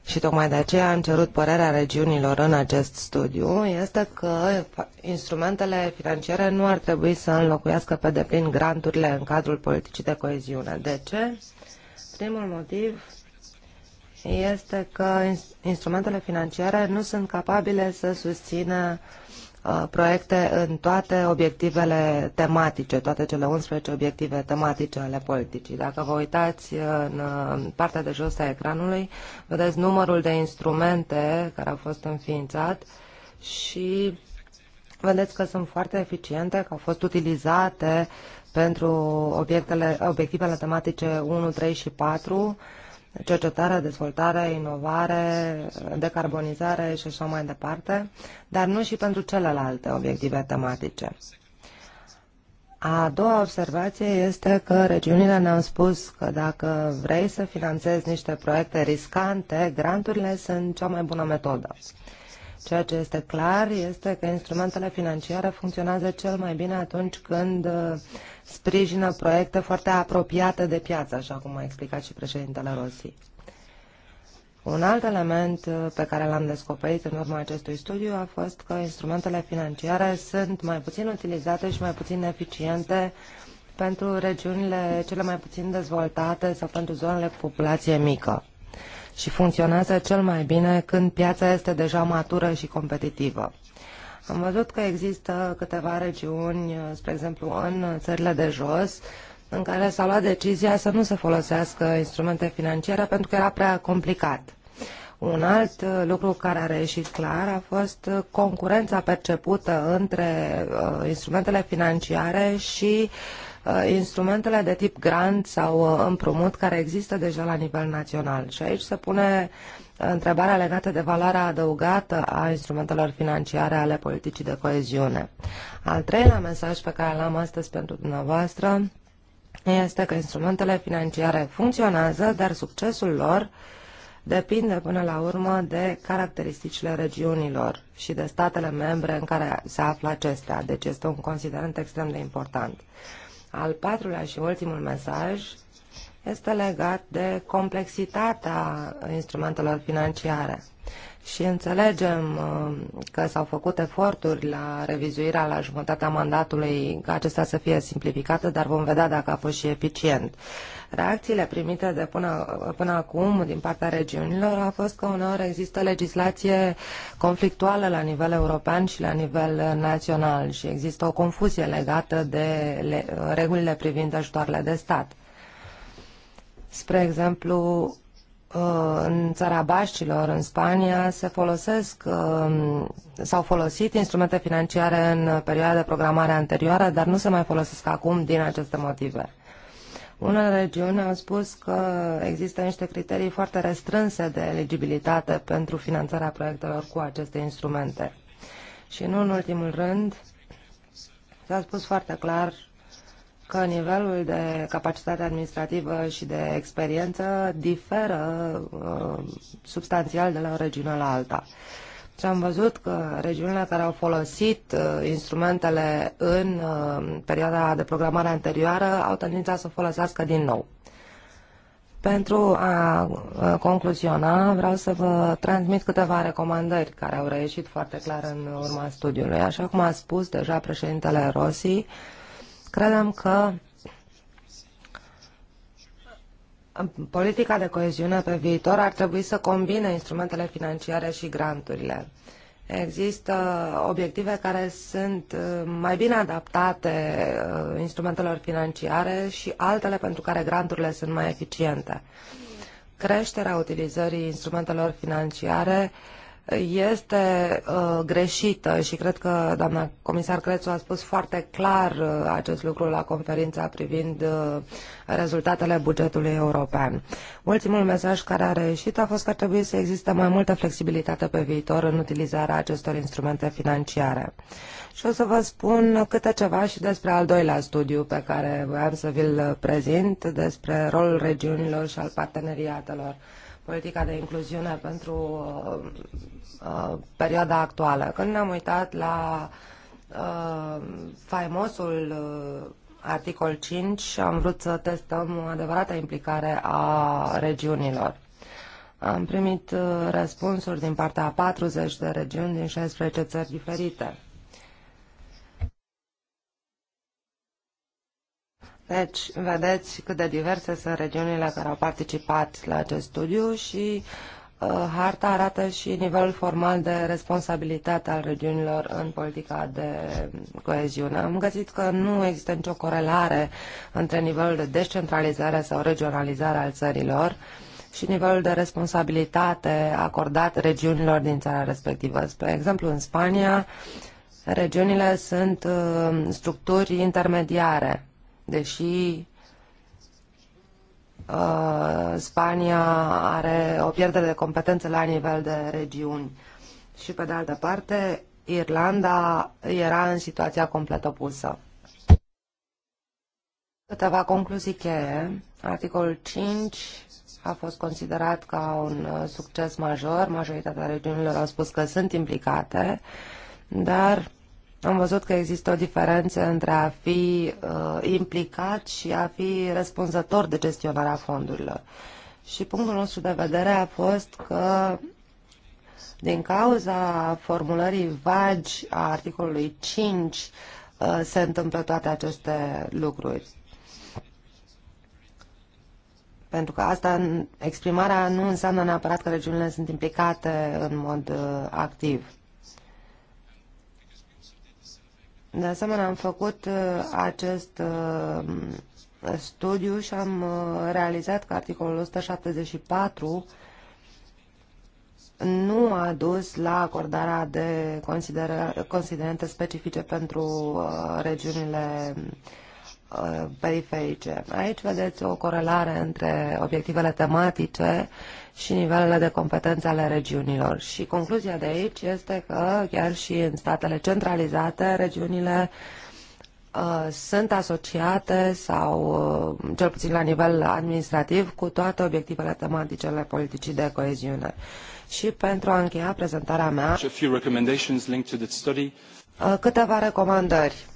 și tocmai de aceea am cerut părerea regiunilor în acest studiu, este că instrumentele financiare nu ar trebui să înlocuiască pe deplin granturile în cadrul politicii de coeziune. De ce? Primul motiv este că instrumentele financiare nu sunt capabile să susțină uh, proiecte în toate obiectivele tematice, toate cele 11 obiective tematice ale politicii. Dacă vă uitați în uh, partea de jos a ecranului, vedeți numărul de instrumente care au fost înființat și vedeți că sunt foarte eficiente, că au fost utilizate pentru obiectele, obiectivele tematice 1, 3 și 4 cercetare, dezvoltare, inovare, decarbonizare și așa mai departe, dar nu și pentru celelalte obiective tematice. A doua observație este că regiunile ne-au spus că dacă vrei să finanțezi niște proiecte riscante, granturile sunt cea mai bună metodă. Ceea ce este clar este că instrumentele financiare funcționează cel mai bine atunci când uh, sprijină proiecte foarte apropiate de piață, așa cum a explicat și președintele Rossi. Un alt element uh, pe care l-am descoperit în urma acestui studiu a fost că instrumentele financiare sunt mai puțin utilizate și mai puțin eficiente pentru regiunile cele mai puțin dezvoltate sau pentru zonele cu populație mică și funcționează cel mai bine când piața este deja matură și competitivă. Am văzut că există câteva regiuni, spre exemplu în țările de jos, în care s-a luat decizia să nu se folosească instrumente financiare pentru că era prea complicat. Un alt uh, lucru care a reieșit clar a fost uh, concurența percepută între uh, instrumentele financiare și instrumentele de tip grant sau împrumut care există deja la nivel național. Și aici se pune întrebarea legată de valoarea adăugată a instrumentelor financiare ale politicii de coeziune. Al treilea mesaj pe care l-am astăzi pentru dumneavoastră este că instrumentele financiare funcționează, dar succesul lor uh, depinde până la urmă de caracteristicile regiunilor și de statele membre în care se află acestea, deci este un considerent extrem de important. Al patrulea și ultimul mesaj este legat de complexitatea instrumentelor financiare. Și înțelegem uh, că s-au făcut eforturi la revizuirea la jumătatea mandatului ca acesta să fie simplificată, dar vom vedea dacă a fost și eficient. Reacțiile primite de până, până acum din partea regiunilor a fost că uneori există legislație conflictuală la nivel european și la nivel național și există o confuzie legată de le, regulile privind ajutoarele de stat. Spre exemplu, uh, în țara Baștilor, în Spania, se folosesc, um, s-au folosit instrumente financiare în perioada de programare anterioară, dar nu se mai folosesc acum din aceste motive. Unele regiuni au spus că există niște criterii foarte restrânse de eligibilitate pentru finanțarea proiectelor cu aceste instrumente. Și nu în ultimul rând, s-a spus foarte clar că nivelul de capacitate administrativă și de experiență diferă uh, substanțial de la o regiune la alta. Și am văzut că regiunile care au folosit uh, instrumentele în uh, perioada de programare anterioară au tendința să folosească din nou. Pentru a uh, concluziona, vreau să vă transmit câteva recomandări care au reieșit foarte clar în urma studiului. Așa cum a spus deja președintele Rossi, Credem că politica de coeziune pe viitor ar trebui să combine instrumentele financiare și granturile. Există obiective care sunt uh, mai bine adaptate uh, instrumentelor financiare și altele pentru care granturile sunt mai eficiente. Creșterea utilizării instrumentelor financiare uh, este uh, greșită și cred că doamna comisar Crețu a spus foarte clar uh, acest lucru la conferința privind uh, rezultatele bugetului european. Ultimul mesaj care a reieșit a fost că ar trebui să existe mai multă flexibilitate pe viitor în utilizarea acestor instrumente financiare. Și o să vă spun câte ceva și despre al doilea studiu pe care voiam să vi-l prezint, despre rolul regiunilor și al parteneriatelor politica de incluziune pentru uh, Uh, perioada actuală. Când ne-am uitat la uh, faimosul uh, articol 5, am vrut să testăm o adevărată implicare a regiunilor. Am primit uh, răspunsuri din partea a 40 de regiuni din 16 țări diferite. Deci, vedeți cât de diverse sunt regiunile care au participat la acest studiu și Uh, harta arată și nivelul formal de responsabilitate al regiunilor în politica de coeziune. Am găsit că nu există nicio corelare între nivelul de descentralizare sau regionalizare al țărilor și nivelul de responsabilitate acordat regiunilor din țara respectivă. Spre exemplu, în Spania, regiunile sunt uh, structuri intermediare, deși Uh, Spania are o pierdere de competențe la nivel de regiuni și, pe de altă parte, Irlanda era în situația complet opusă. Câteva concluzii cheie. Articolul 5 a fost considerat ca un uh, succes major. Majoritatea regiunilor au spus că sunt implicate, dar am văzut că există o diferență între a fi uh, implicat și a fi răspunzător de gestionarea fondurilor. Și punctul nostru de vedere a fost că din cauza formulării vagi a articolului 5 uh, se întâmplă toate aceste lucruri pentru că asta, exprimarea nu înseamnă neapărat că regiunile sunt implicate în mod uh, activ. De asemenea, am făcut uh, acest uh, studiu și am uh, realizat că articolul 174 nu a dus la acordarea de considerente specifice pentru regiunile periferice. Aici vedeți o corelare între obiectivele tematice și nivelele de competențe ale regiunilor. Și concluzia de aici este că chiar și în statele centralizate, regiunile uh, sunt asociate sau, uh, cel puțin la nivel administrativ, cu toate obiectivele tematice ale politicii de coeziune. Și pentru a încheia prezentarea mea, uh, câteva recomandări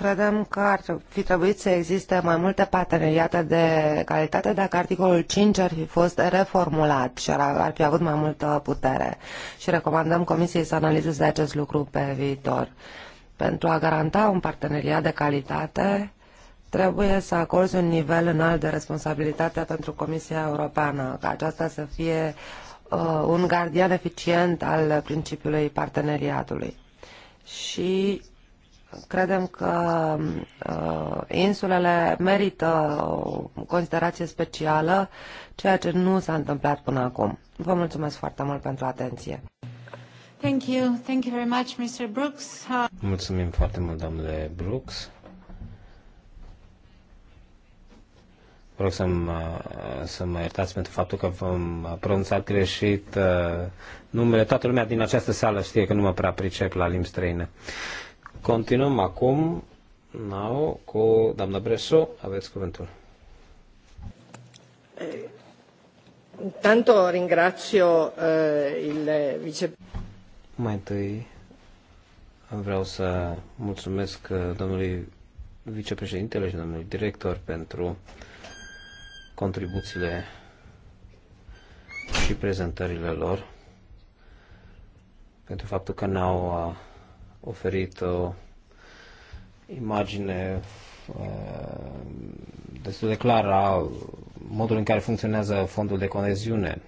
Credem că ar fi trebuit să existe mai multe parteneriate de calitate dacă articolul 5 ar fi fost reformulat și ar, ar fi avut mai multă putere. Și recomandăm Comisiei să analizeze acest lucru pe viitor. Pentru a garanta un parteneriat de calitate, trebuie să acorzi un nivel înalt de responsabilitate pentru Comisia Europeană, ca aceasta să fie uh, un gardian eficient al principiului parteneriatului. Și Credem că uh, insulele merită o considerație specială, ceea ce nu s-a întâmplat până acum. Vă mulțumesc foarte mult pentru atenție. Thank you. Thank you very much, Mr. Brooks. Uh, Mulțumim foarte mult, domnule Brooks. Vă rog să mă, uh, să mă iertați pentru faptul că v-am pronunțat greșit uh, numele. Toată lumea din această sală știe că nu mă prea pricep la limbi străine. Continuăm acum now, cu doamna Bresu. Aveți cuvântul. Tanto ringrazio uh, il vice... Mai întâi vreau să mulțumesc eh, domnului vicepreședintele și domnului director pentru contribuțiile și prezentările lor, pentru faptul că n au oferit o imagine uh, destul de clară a modului în care funcționează fondul de coneziune.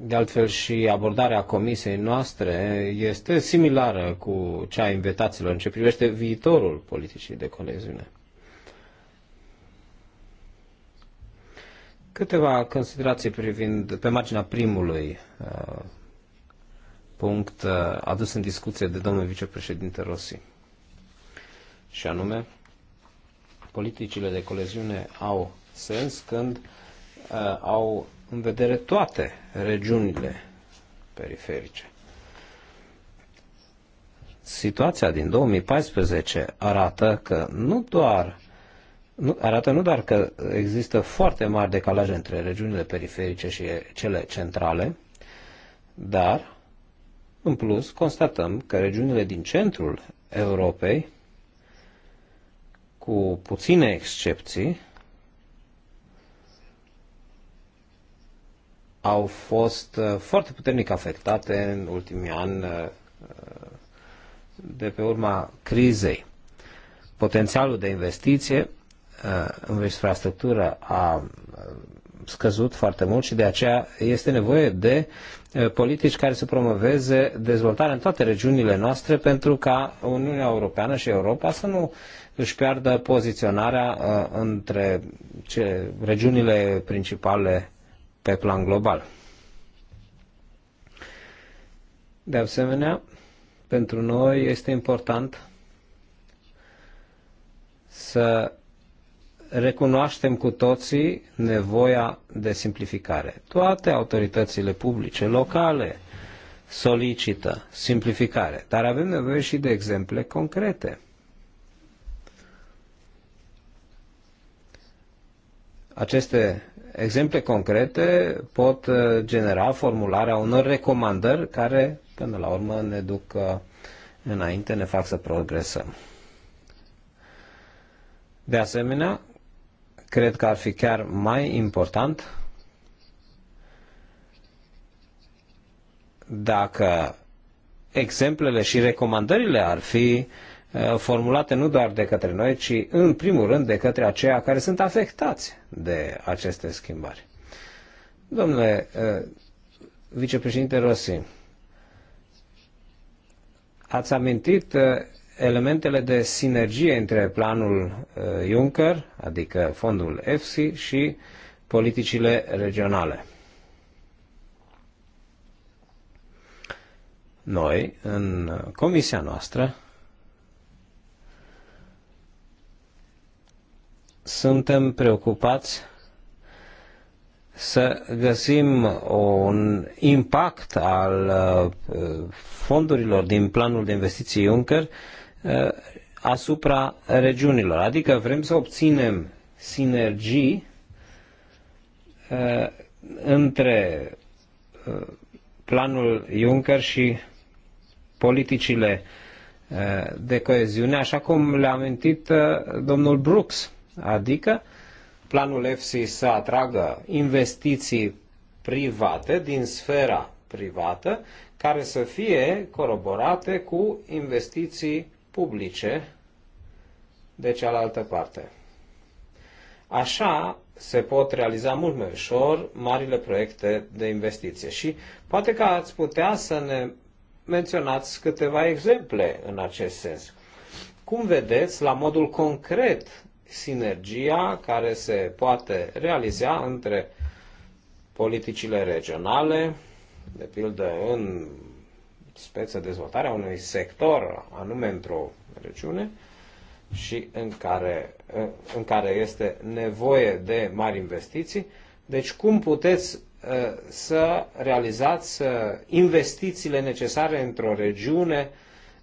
De altfel și abordarea comisiei noastre este similară cu cea a invitaților în ce privește viitorul politicii de coneziune. Câteva considerații privind pe marginea primului uh, punct uh, adus în discuție de domnul vicepreședinte Rossi. Și anume, politicile de coleziune au sens când uh, au în vedere toate regiunile periferice. Situația din 2014 arată că nu doar nu, arată nu doar că există foarte mari decalaje între regiunile periferice și cele centrale, dar, în plus, constatăm că regiunile din centrul Europei, cu puține excepții, au fost uh, foarte puternic afectate în ultimii ani uh, uh, de pe urma crizei. Potențialul de investiție în uh, infrastructură a uh, scăzut foarte mult și de aceea este nevoie de uh, politici care să promoveze dezvoltarea în toate regiunile noastre pentru ca Uniunea Europeană și Europa să nu își piardă poziționarea între ce, regiunile principale pe plan global. De asemenea, pentru noi este important să recunoaștem cu toții nevoia de simplificare. Toate autoritățile publice, locale, solicită simplificare, dar avem nevoie și de exemple concrete. Aceste exemple concrete pot uh, genera formularea unor recomandări care, până la urmă, ne duc uh, înainte, ne fac să progresăm. De asemenea, Cred că ar fi chiar mai important dacă exemplele și recomandările ar fi uh, formulate nu doar de către noi, ci în primul rând de către aceia care sunt afectați de aceste schimbări. Domnule uh, vicepreședinte Rossi, ați amintit uh, elementele de sinergie între planul uh, Juncker, adică fondul EFSI și politicile regionale. Noi, în comisia noastră, suntem preocupați să găsim un impact al uh, fondurilor din planul de investiții Juncker Uh, asupra regiunilor. Adică vrem să obținem sinergii uh, între uh, planul Juncker și politicile de coeziune, așa cum le-a amintit domnul Brooks, adică planul EFSI să atragă investiții private din sfera privată, care să fie coroborate cu investiții publice de cealaltă parte. Așa se pot realiza mult mai ușor marile proiecte de investiție. Și poate că ați putea să ne menționați câteva exemple în acest sens. Cum vedeți, la modul concret, sinergia care se poate realiza între politicile regionale, de pildă în speță dezvoltarea unui sector anume într-o regiune și în care, în care este nevoie de mari investiții. Deci cum puteți uh, să realizați uh, investițiile necesare într-o regiune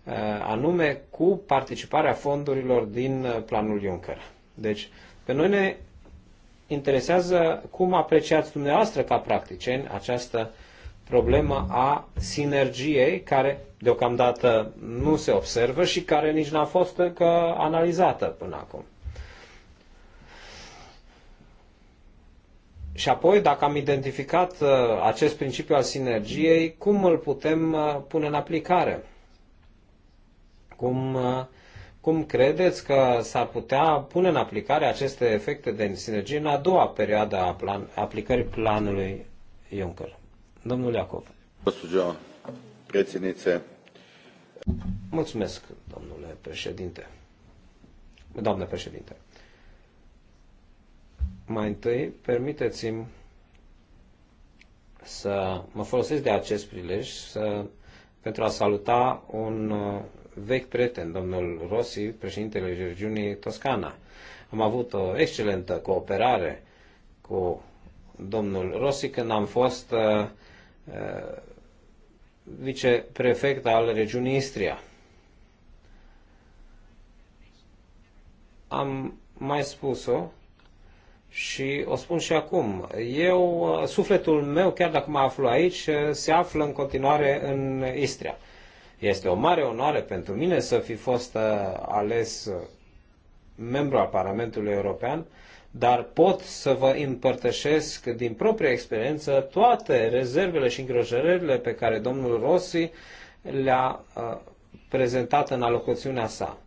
uh, anume cu participarea fondurilor din planul Juncker. Deci, pe noi ne interesează cum apreciați dumneavoastră ca practicieni această problema a sinergiei care deocamdată nu se observă și care nici n-a fost încă analizată până acum. Și apoi, dacă am identificat uh, acest principiu al sinergiei, cum îl putem uh, pune în aplicare? Cum, uh, cum credeți că s-ar putea pune în aplicare aceste efecte de sinergie în a doua perioadă a plan, aplicării planului Juncker? Domnul Iacov. președinte. Mulțumesc, domnule președinte. Doamne președinte. Mai întâi, permiteți-mi să mă folosesc de acest prilej să, pentru a saluta un uh, vechi prieten, domnul Rossi, președintele regiunii Toscana. Am avut o excelentă cooperare cu domnul Rossi când am fost uh, Uh, viceprefect al regiunii Istria. Am mai spus-o și o spun și acum. Eu, uh, sufletul meu, chiar dacă mă aflu aici, uh, se află în continuare în Istria. Este o mare onoare pentru mine să fi fost ales membru al Parlamentului European dar pot să vă împărtășesc din propria experiență toate rezervele și îngrijorările pe care domnul Rossi le-a uh, prezentat în alocuțiunea sa.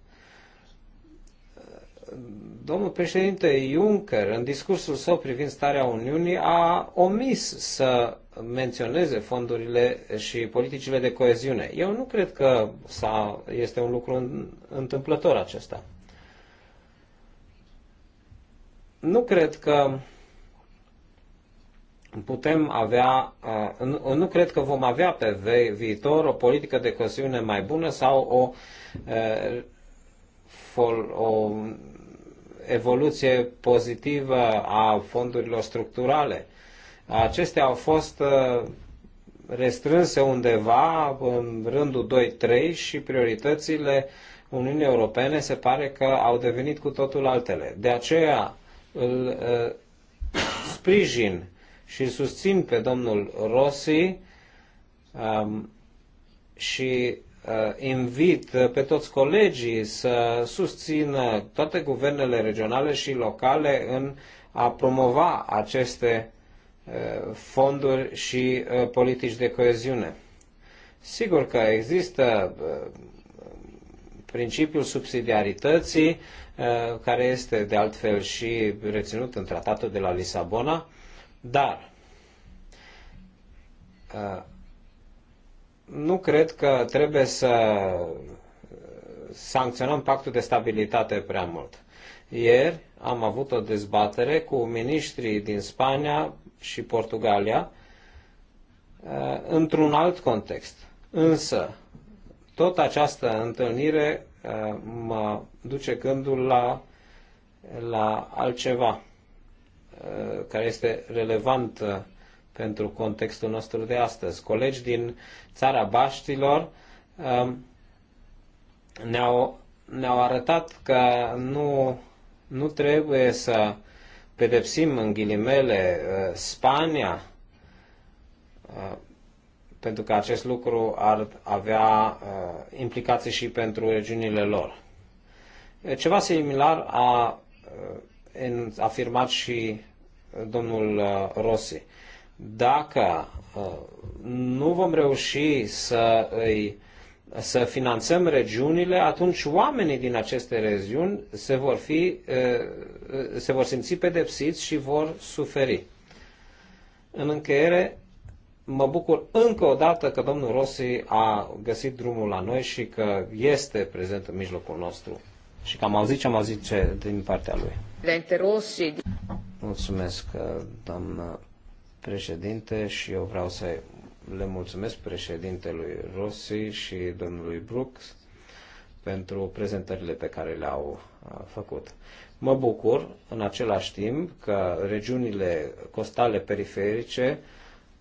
Domnul președinte Juncker, în discursul său privind starea Uniunii, a omis să menționeze fondurile și politicile de coeziune. Eu nu cred că este un lucru întâmplător acesta nu cred că putem avea, nu cred că vom avea pe viitor o politică de coesiune mai bună sau o, o evoluție pozitivă a fondurilor structurale. Acestea au fost restrânse undeva în rândul 2-3 și prioritățile Uniunii Europene se pare că au devenit cu totul altele. De aceea, îl uh, sprijin și îl susțin pe domnul Rossi um, și uh, invit uh, pe toți colegii să susțină toate guvernele regionale și locale în a promova aceste fonduri și politici de coeziune. Sigur că există principiul subsidiarității, Uh, care este de altfel și reținut în tratatul de la Lisabona, dar uh, nu cred că trebuie să sancționăm pactul de stabilitate prea mult. Ieri am avut o dezbatere cu miniștrii din Spania și Portugalia uh, într-un alt context. Însă, tot această întâlnire Eh, mă duce gândul la, la altceva eh, care este relevant eh, pentru contextul nostru de astăzi. Colegi din țara Baștilor ne-au, ne-au arătat că nu, nu trebuie să pedepsim în ghilimele Spania pentru că acest lucru ar avea uh, implicații și pentru regiunile lor. Ceva similar a uh, afirmat și domnul uh, Rossi. Dacă uh, nu vom reuși să îi să finanțăm regiunile, atunci oamenii din aceste regiuni se vor, fi, uh, uh, se vor simți pedepsiți și vor suferi. În încheiere, mă bucur încă o dată că domnul Rossi a găsit drumul la noi și că este prezent în mijlocul nostru. Și că am auzit ce am auzit ce din partea lui. Rossi. Mulțumesc, uh, doamnă președinte, și eu vreau să le mulțumesc președintelui Rossi și domnului Brooks pentru prezentările pe care le-au uh, făcut. Mă bucur în același timp că regiunile costale periferice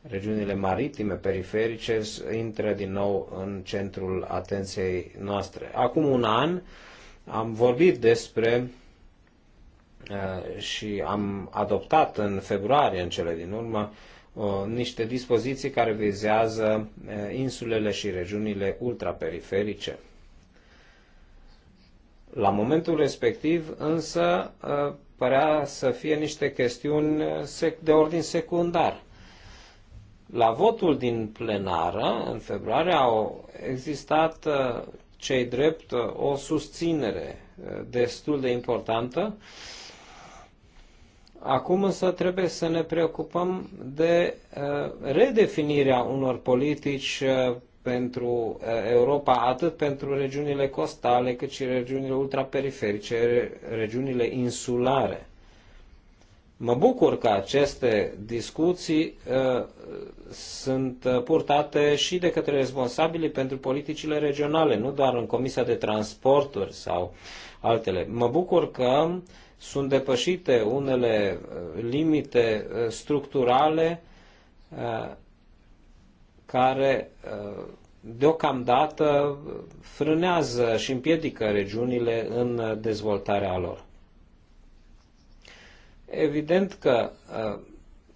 regiunile maritime periferice intră din nou în centrul atenției noastre. Acum un an am vorbit despre uh, și am adoptat în februarie, în cele din urmă, uh, niște dispoziții care vizează uh, insulele și regiunile ultraperiferice. La momentul respectiv, însă, părea să fie niște chestiuni de ordin secundar. La votul din plenară, în februarie, au existat uh, cei drept uh, o susținere uh, destul de importantă. Acum însă trebuie să ne preocupăm de redefinirea unor politici pentru Europa, atât pentru regiunile costale, cât și regiunile ultraperiferice, regiunile insulare. Mă bucur că aceste discuții uh, sunt uh, purtate și de către responsabili pentru politicile regionale, nu doar în Comisia de Transporturi sau altele. Mă bucur că sunt depășite unele uh, limite uh, structurale uh, care uh, deocamdată frânează și împiedică regiunile în dezvoltarea lor evident că uh,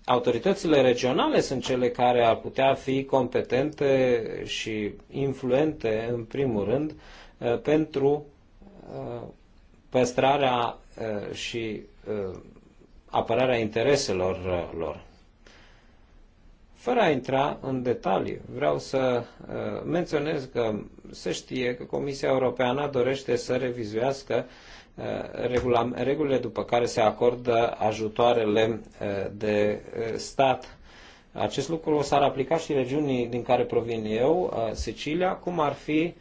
autoritățile regionale sunt cele care ar putea fi competente și influente, în primul rând, uh, pentru uh, păstrarea și apărarea intereselor lor. Fără a intra în detalii, vreau să menționez că se știe că Comisia Europeană dorește să revizuiască Uh, regulile după care se acordă ajutoarele uh, de uh, stat. Acest lucru s-ar aplica și regiunii din care provin eu, Sicilia, cum ar fi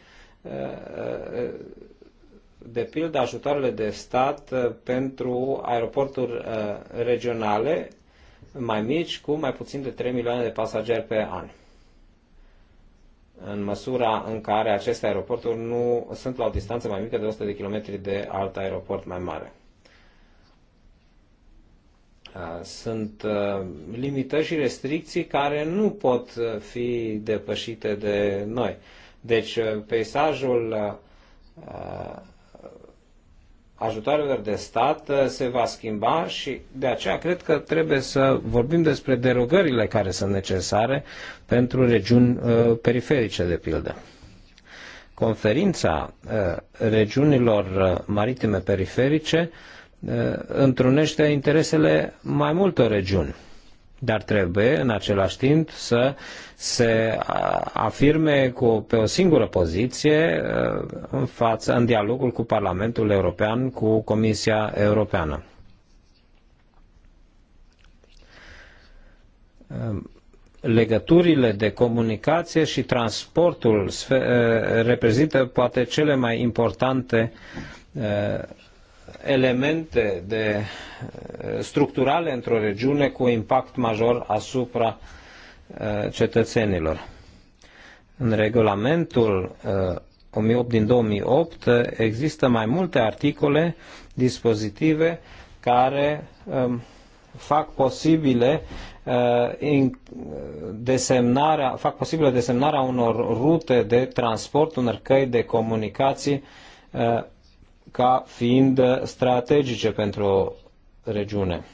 de pildă ajutoarele de stat pentru aeroporturi regionale mai mici cu mai puțin de 3 milioane de pasageri pe an în măsura în care aceste aeroporturi nu sunt la o distanță mai mică de 100 de km de alt aeroport mai mare. Uh, sunt uh, limitări și restricții care nu pot uh, fi depășite de noi. Deci peisajul ajutoarelor de stat uh, se va schimba și de aceea cred că trebuie să vorbim despre derogările care sunt necesare pentru regiuni uh, periferice, de pildă. Conferința uh, regiunilor maritime periferice întrunește interesele mai multor regiuni dar trebuie în același timp să se afirme cu, pe o singură poziție uh, în față, în dialogul cu Parlamentul European, cu Comisia Europeană. Um, legăturile de comunicație și transportul uh, reprezintă poate cele mai importante uh, elemente de, eh, structurale într-o regiune cu impact major asupra eh, cetățenilor. În regulamentul 1008 eh, din 2008 există mai multe articole, dispozitive care fac posibile desemnarea, fac posibilă desemnarea unor rute de transport, unor căi de comunicații ca fiind uh, strategice pentru o regiune.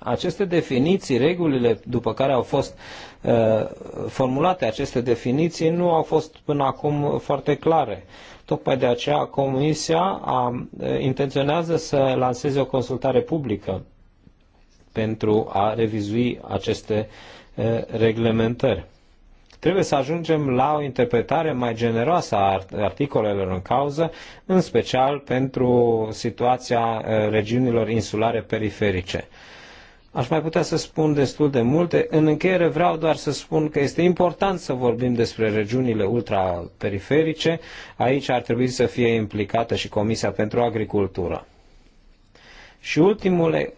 Aceste definiții, regulile după care au fost uh, formulate aceste definiții, nu au fost până acum foarte clare. Tocmai de aceea Comisia a, uh, intenționează să lanseze o consultare publică pentru a revizui aceste uh, reglementări. Trebuie să ajungem la o interpretare mai generoasă a articolelor în cauză, în special pentru situația eh, regiunilor insulare periferice. Aș mai putea să spun destul de multe. În încheiere vreau doar să spun că este important să vorbim despre regiunile ultraperiferice. Aici ar trebui să fie implicată și Comisia pentru Agricultură. Și ultimul, eh,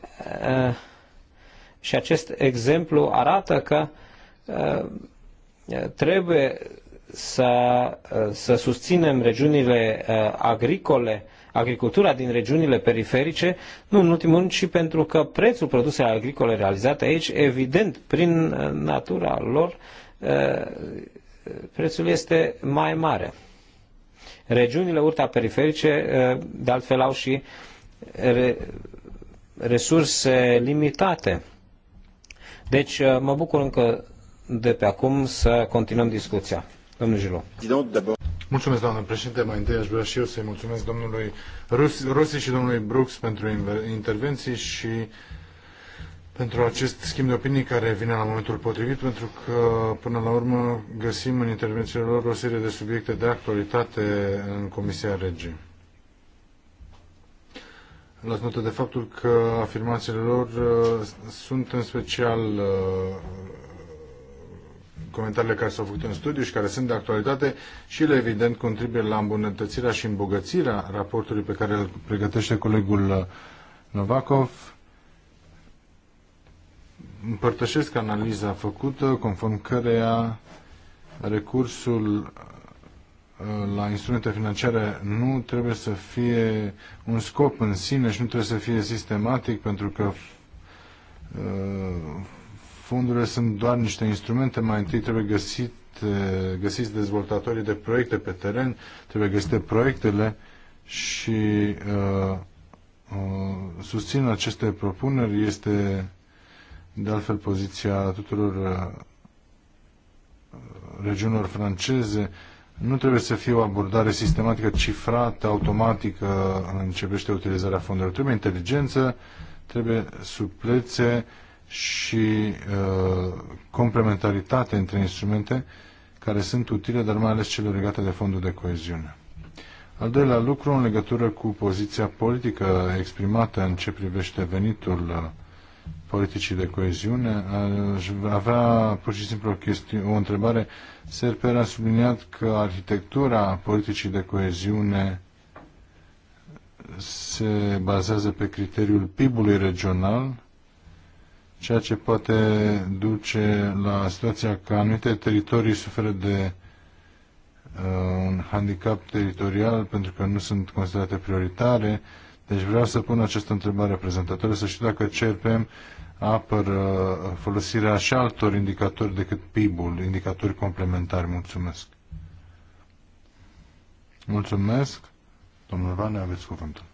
și acest exemplu arată că eh, Eh, trebuie să, eh, să susținem regiunile eh, agricole, agricultura din regiunile periferice, nu în ultimul rând, ci pentru că prețul produselor agricole realizate aici, evident, prin natura lor, prețul este mai mare. Regiunile urta-periferice, de altfel, au și resurse limitate. Deci, mă bucur încă de pe acum să continuăm discuția. Domnul Jilu. Mulțumesc, doamnă președinte. Mai întâi aș vrea și eu să-i mulțumesc domnului Rossi și domnului Brooks pentru intervenții și pentru acest schimb de opinii care vine la momentul potrivit, pentru că până la urmă găsim în intervențiile lor o serie de subiecte de actualitate în Comisia Regii. Luați notă de faptul că afirmațiile lor uh, sunt în special uh, comentariile care s-au făcut în studiu și care sunt de actualitate și ele, evident, contribuie la îmbunătățirea și îmbogățirea raportului pe care îl pregătește colegul uh, Novakov. Împărtășesc analiza făcută, conform căreia recursul uh, la instrumente financiare nu trebuie să fie un scop în sine și nu trebuie să fie sistematic, pentru că uh, fondurile sunt doar niște instrumente, mai întâi trebuie găsit, eh, găsiți dezvoltatorii de proiecte pe teren, trebuie găsite proiectele și uh, uh, susțin aceste propuneri. Este de altfel poziția tuturor regiunilor franceze. Nu trebuie să fie o abordare sistematică, cifrată, automatică începește utilizarea fondurilor. Trebuie inteligență, trebuie suplețe, și uh, complementaritate între instrumente care sunt utile, dar mai ales cele legate de fondul de coeziune. Al doilea lucru, în legătură cu poziția politică exprimată în ce privește venitul uh, politicii de coeziune, aș avea pur și simplu o, chestie, o întrebare. Serper a subliniat că arhitectura politicii de coeziune se bazează pe criteriul PIB-ului regional ceea ce poate duce la situația că anumite teritorii suferă de uh, un handicap teritorial pentru că nu sunt considerate prioritare. Deci vreau să pun această întrebare prezentatoare, să știu dacă CRPM apără folosirea și altor indicatori decât PIB-ul, indicatori complementari. Mulțumesc! Mulțumesc! Domnul Vane, aveți cuvântul.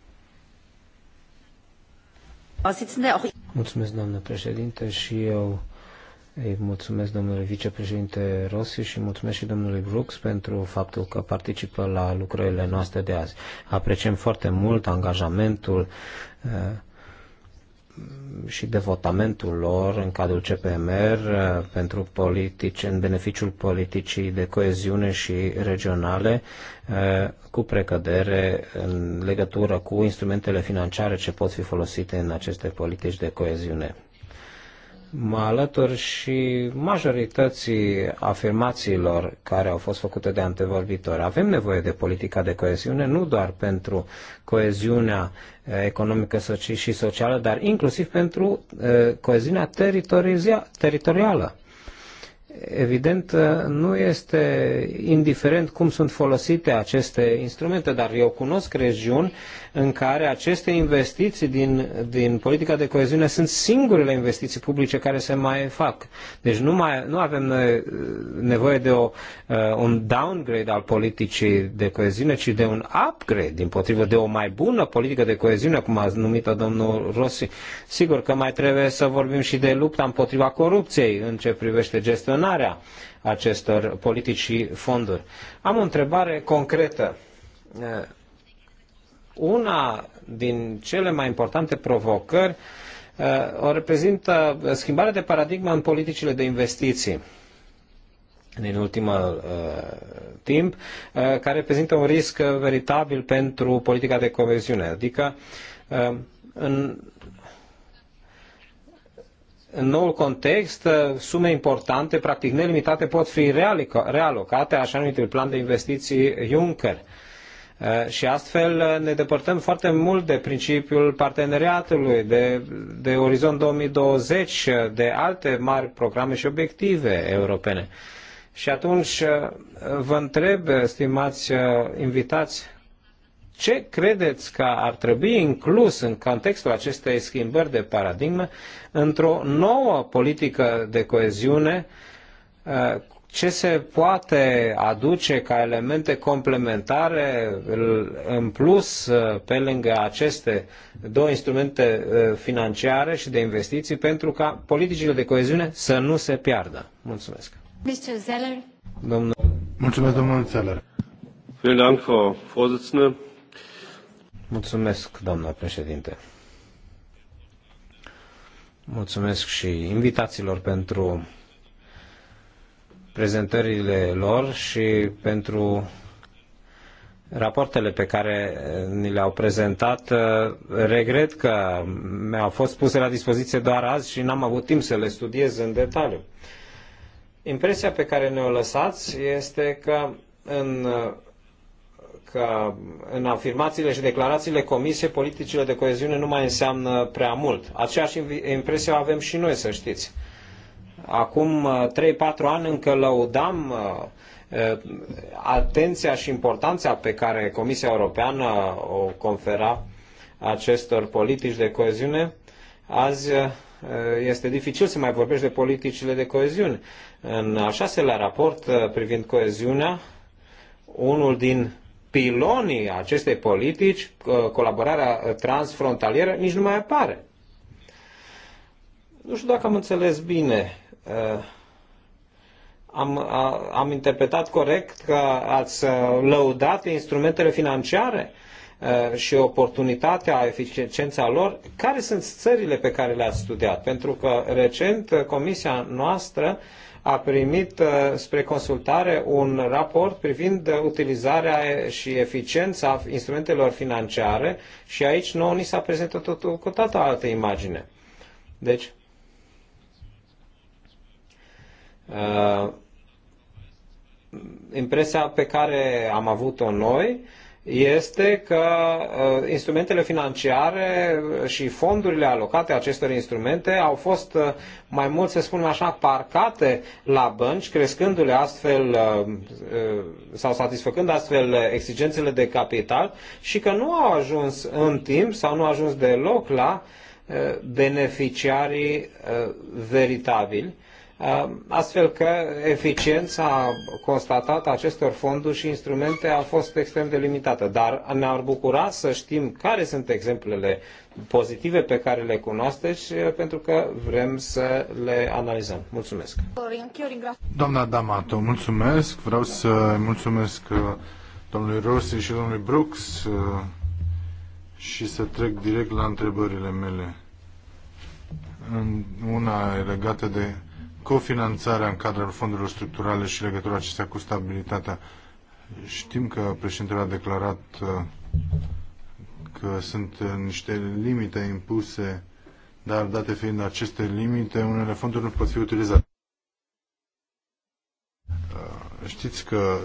Mulțumesc, doamnă președinte, și eu îi mulțumesc domnului vicepreședinte Rossi și mulțumesc și domnului Brooks pentru faptul că participă la lucrările noastre de azi. Apreciem foarte mult angajamentul eh, și devotamentul lor în cadrul CPMR uh, pentru politici, în beneficiul politicii de coeziune și regionale, uh, cu precădere în legătură cu instrumentele financiare ce pot fi folosite în aceste politici de coeziune mă alătur și majorității afirmațiilor care au fost făcute de antevorbitori. Avem nevoie de politica de coeziune, nu doar pentru coeziunea eh, economică și socială, dar inclusiv pentru eh, coeziunea teritorială. Evident, nu este indiferent cum sunt folosite aceste instrumente, dar eu cunosc regiuni în care aceste investiții din, din politica de coeziune sunt singurele investiții publice care se mai fac. Deci nu, mai, nu avem nevoie de o, uh, un downgrade al politicii de coeziune, ci de un upgrade, din potrivă, de o mai bună politică de coeziune, cum a numit-o domnul Rossi. Sigur că mai trebuie să vorbim și de lupta împotriva corupției în ce privește gestionarea gestionarea acestor politici și fonduri. Am o întrebare concretă. Eh, una din cele mai importante provocări eh, o reprezintă schimbarea de paradigmă în politicile de investiții din ultimul uh, eh, timp, uh, care reprezintă un risc veritabil pentru politica de coeziune. Adică, uh, în în noul context, uh, sume importante, practic nelimitate, pot fi realocate așa numitul plan de investiții Juncker. Uh, și astfel uh, ne depărtăm foarte mult de principiul parteneriatului, de, de Orizont 2020, de alte mari programe și obiective europene. Și atunci vă întreb, stimați invitați, ce credeți că ar trebui inclus în contextul acestei schimbări de paradigmă într-o nouă politică de coeziune uh, ce se poate aduce ca elemente complementare în plus uh, pe lângă aceste două instrumente uh, financiare și de investiții pentru ca politicile de coeziune să nu se piardă. Mulțumesc. Mr. Zeller. Domnul... Mulțumesc, domnul Zeller. Vielen Dank, Frau Vorsitzende. Mulțumesc, doamna președinte. Mulțumesc și invitațiilor pentru prezentările lor și pentru rapoartele pe care ni le-au prezentat. Regret că mi-au fost puse la dispoziție doar azi și n-am avut timp să le studiez în detaliu. Impresia pe care ne-o lăsați este că în că în afirmațiile și declarațiile comisiei, politicile de coeziune nu mai înseamnă prea mult. Aceeași impresie o avem și noi, să știți. Acum 3-4 uh, ani încă lăudam uh, uh, atenția și importanța pe care Comisia Europeană o confera acestor politici de coeziune. Azi este dificil să mai vorbești de politicile de coeziune. În al șaselea raport privind coeziunea, unul din pilonii acestei politici, uh, colaborarea transfrontalieră, nici nu mai apare. Nu știu dacă am înțeles bine. Uh, am, am interpretat corect că ați lăudat instrumentele financiare uh, și oportunitatea, eficiența lor. Care sunt țările pe care le-ați studiat? Pentru că recent Comisia noastră uh, a primit uh, spre consultare un raport privind utilizarea și eficiența instrumentelor financiare și aici nouă ni s-a prezentat totul cu toată altă imagine. Deci, uh, impresia pe care am avut-o noi este că uh, instrumentele financiare și fondurile alocate acestor instrumente au fost uh, mai mult, să spunem așa, parcate la bănci, crescându-le astfel uh, sau satisfăcând astfel exigențele de capital și că nu au ajuns în timp sau nu au ajuns deloc la beneficiarii veritabili astfel că eficiența constatată a acestor fonduri și instrumente a fost extrem de limitată. Dar ne-ar bucura să știm care sunt exemplele pozitive pe care le cunoașteți, pentru că vrem să le analizăm. Mulțumesc! Doamna Damato, mulțumesc! Vreau să mulțumesc uh, domnului Rossi și domnului Brooks uh, și să trec direct la întrebările mele. Una e legată de cofinanțarea în cadrul fondurilor structurale și legătura acestea cu stabilitatea. Știm că președintele a declarat uh, că sunt uh, niște limite impuse, dar date fiind aceste limite, unele fonduri nu pot fi utilizate. Uh, știți că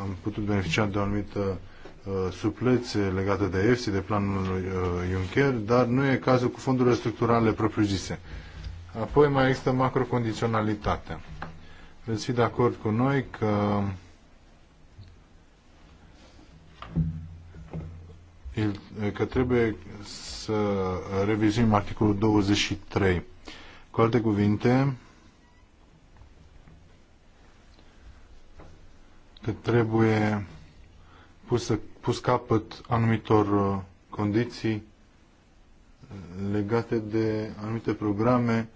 am putut beneficia de o anumită suplețe legată de EFSI, de planul Juncker, dar nu e cazul cu fondurile structurale propriu-zise Apoi mai există macrocondiționalitatea. Veți fi de acord cu noi că că trebuie să revizim articolul 23. Cu alte cuvinte, că trebuie pus, pus capăt anumitor uh, condiții uh, legate de anumite programe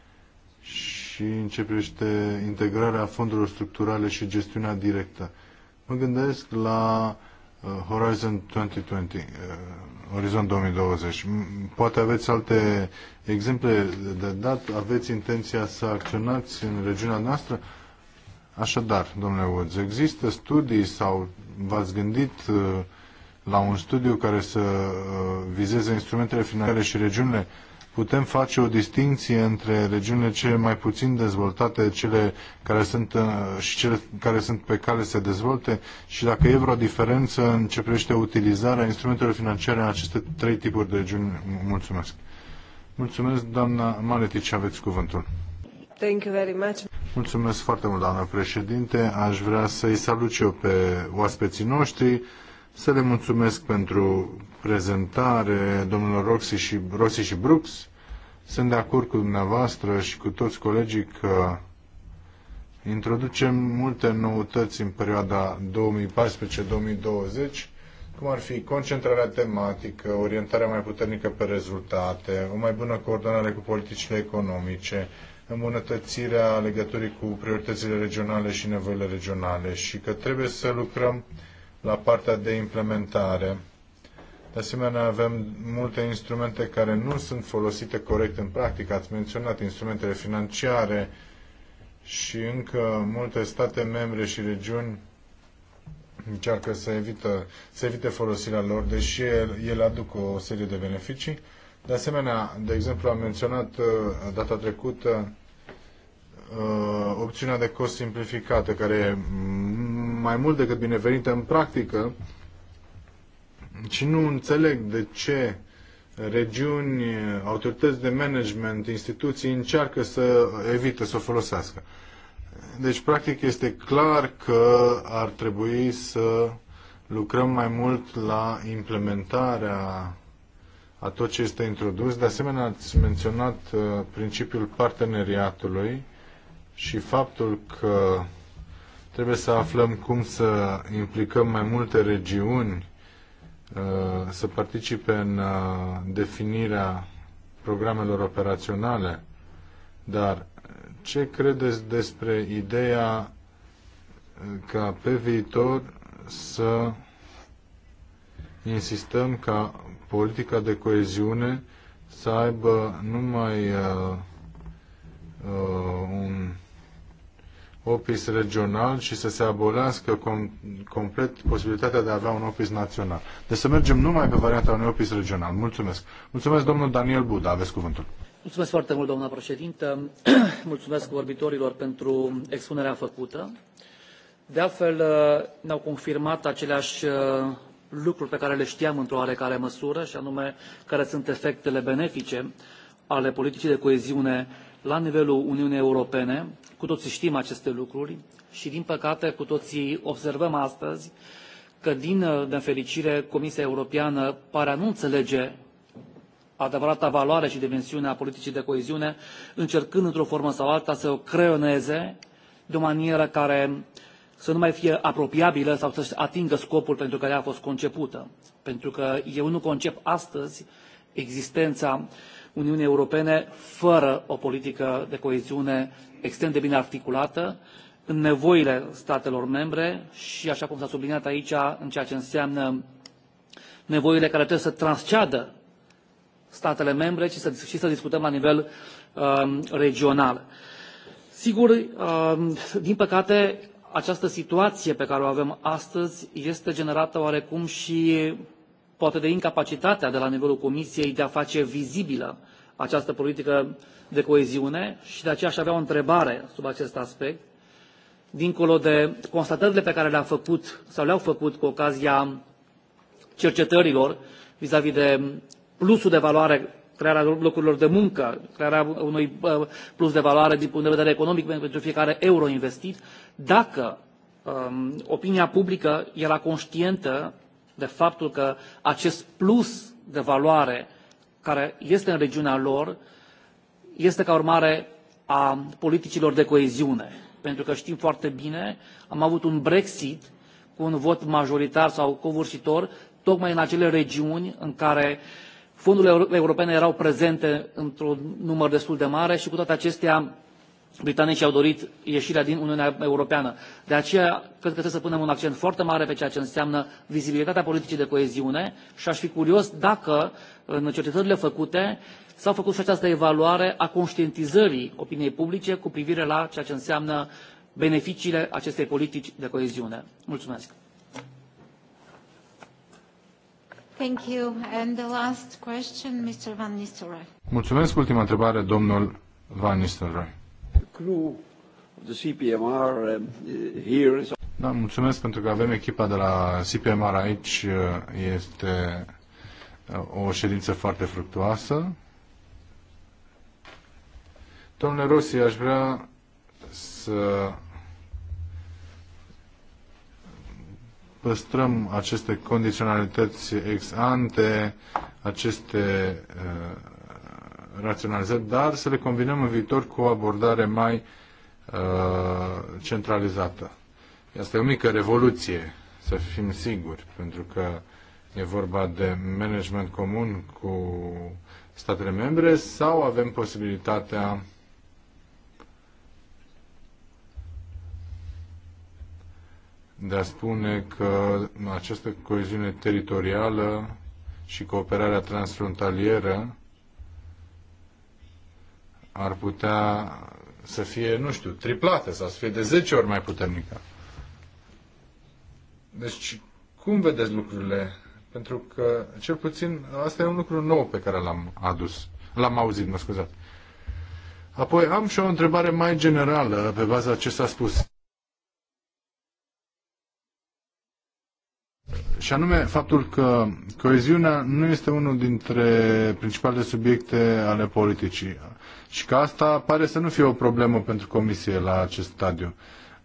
și începește integrarea fondurilor structurale și gestiunea directă. Mă gândesc la uh, Horizon 2020, uh, Orizont 2020. Poate aveți alte exemple de dat, aveți intenția să acționați în regiunea noastră? Așadar, domnule Woods, există studii sau v-ați gândit uh, la un studiu care să uh, vizeze instrumentele financiare și regiunile? putem face o distinție între regiunile cele mai puțin dezvoltate, cele care sunt, uh, și cele care sunt pe cale să se dezvolte și dacă e vreo diferență în ce privește utilizarea instrumentelor financiare în aceste trei tipuri de regiuni. Mulțumesc. Mulțumesc, doamna Maletici, aveți cuvântul. Thank you very much. Mulțumesc foarte mult, doamnă președinte. Aș vrea să-i salut eu pe oaspeții noștri să le mulțumesc pentru prezentare, domnilor Roxy și, Roxy și Brooks. Sunt de acord cu dumneavoastră și cu toți colegii că introducem multe noutăți în perioada 2014-2020, cum ar fi concentrarea tematică, orientarea mai puternică pe rezultate, o mai bună coordonare cu politicile economice, îmbunătățirea legăturii cu prioritățile regionale și nevoile regionale și că trebuie să lucrăm la partea de implementare. De asemenea, avem multe instrumente care nu sunt folosite corect în practică. Ați menționat instrumentele financiare și încă multe state membre și regiuni încearcă să, evită, să evite folosirea lor, deși ele aduc o serie de beneficii. De asemenea, de exemplu, am menționat uh, data trecută uh, opțiunea de cost simplificată, care e mai mult decât binevenită în practică și nu înțeleg de ce regiuni, autorități de management, instituții încearcă să evite să o folosească. Deci, practic, este clar că ar trebui să lucrăm mai mult la implementarea a tot ce este introdus. De asemenea, ați menționat uh, principiul parteneriatului și faptul că Trebuie să aflăm cum să implicăm mai multe regiuni uh, să participe în uh, definirea programelor operaționale. Dar ce credeți despre ideea uh, ca pe viitor să insistăm ca politica de coeziune să aibă numai uh, uh, un office regional și să se abolească com complet posibilitatea de a avea un office național. Deci să mergem numai pe varianta unui office regional. Mulțumesc. Mulțumesc, domnul Daniel Buda. Aveți cuvântul. Mulțumesc foarte mult, doamna președintă. [clears throat] Mulțumesc vorbitorilor pentru expunerea făcută. De altfel, uh, ne-au confirmat aceleași uh, lucruri pe care le știam într-o oarecare măsură, și anume care sunt efectele benefice ale politicii de coeziune la nivelul Uniunii Europene. Cu toții știm aceste lucruri și, din păcate, cu toții observăm astăzi că, din uh, nefericire, Comisia Europeană pare a nu înțelege adevărata valoare și dimensiune a politicii de coeziune, încercând într-o formă sau alta să o creioneze de o manieră care să nu mai fie apropiabilă sau să-și atingă scopul pentru care a fost concepută. Pentru că eu nu concep astăzi existența Uniunii Europene fără o politică de coeziune extrem de bine articulată în nevoile statelor membre și, așa cum s-a subliniat aici, în ceea ce înseamnă nevoile care trebuie să transceadă statele membre și să, și să discutăm la nivel uh, regional. Sigur, uh, din păcate, această situație pe care o avem astăzi este generată oarecum și poate de incapacitatea de la nivelul Comisiei de a face vizibilă această politică de coeziune și de aceea aș avea o întrebare sub acest aspect, dincolo de constatările pe care le-a făcut sau le-au făcut cu ocazia cercetărilor vis-a-vis de plusul de valoare, crearea locurilor de muncă, crearea unui plus de valoare din punct de vedere economic pentru fiecare euro investit, dacă um, opinia publică era conștientă de faptul că acest plus de valoare care este în regiunea lor este ca urmare a politicilor de coeziune. Pentru că știm foarte bine, am avut un Brexit cu un vot majoritar sau covârșitor, tocmai în acele regiuni în care fondurile europene erau prezente într-un număr destul de mare și cu toate acestea britanicii au dorit ieșirea din uniunea europeană. de aceea cred că trebuie să punem un accent foarte mare pe ceea ce înseamnă vizibilitatea politicii de coeziune și aș fi curios dacă în cercetările făcute s a făcut și această evaluare a conștientizării opiniei publice cu privire la ceea ce înseamnă beneficiile acestei politici de coeziune. Mulțumesc! Thank you. And the last question, Mr. Van Nistelrooy. Mulțumesc. Ultima întrebare, domnul Van Nistelrooy crew of the CPMR um, here is... Da, mulțumesc pentru că avem echipa de la CPMR aici. Este uh, o ședință foarte fructuoasă. Domnule Rossi, aș vrea să păstrăm aceste condiționalități ex ante, aceste uh, raționalizări, dar să le combinăm în viitor cu o abordare mai uh, centralizată. Asta e o mică revoluție, să fim siguri, pentru că e vorba de management comun cu statele membre sau avem posibilitatea de a spune că această coeziune teritorială și cooperarea transfrontalieră ar putea să fie, nu știu, triplată sau să fie de 10 ori mai puternică. Deci, cum vedeți lucrurile? Pentru că, cel puțin, asta e un lucru nou pe care l-am adus, l-am auzit, mă scuzați. Apoi am și o întrebare mai generală pe baza ce s-a spus. Și anume faptul că coeziunea nu este unul dintre principalele subiecte ale politicii și că asta pare să nu fie o problemă pentru Comisie la acest stadiu.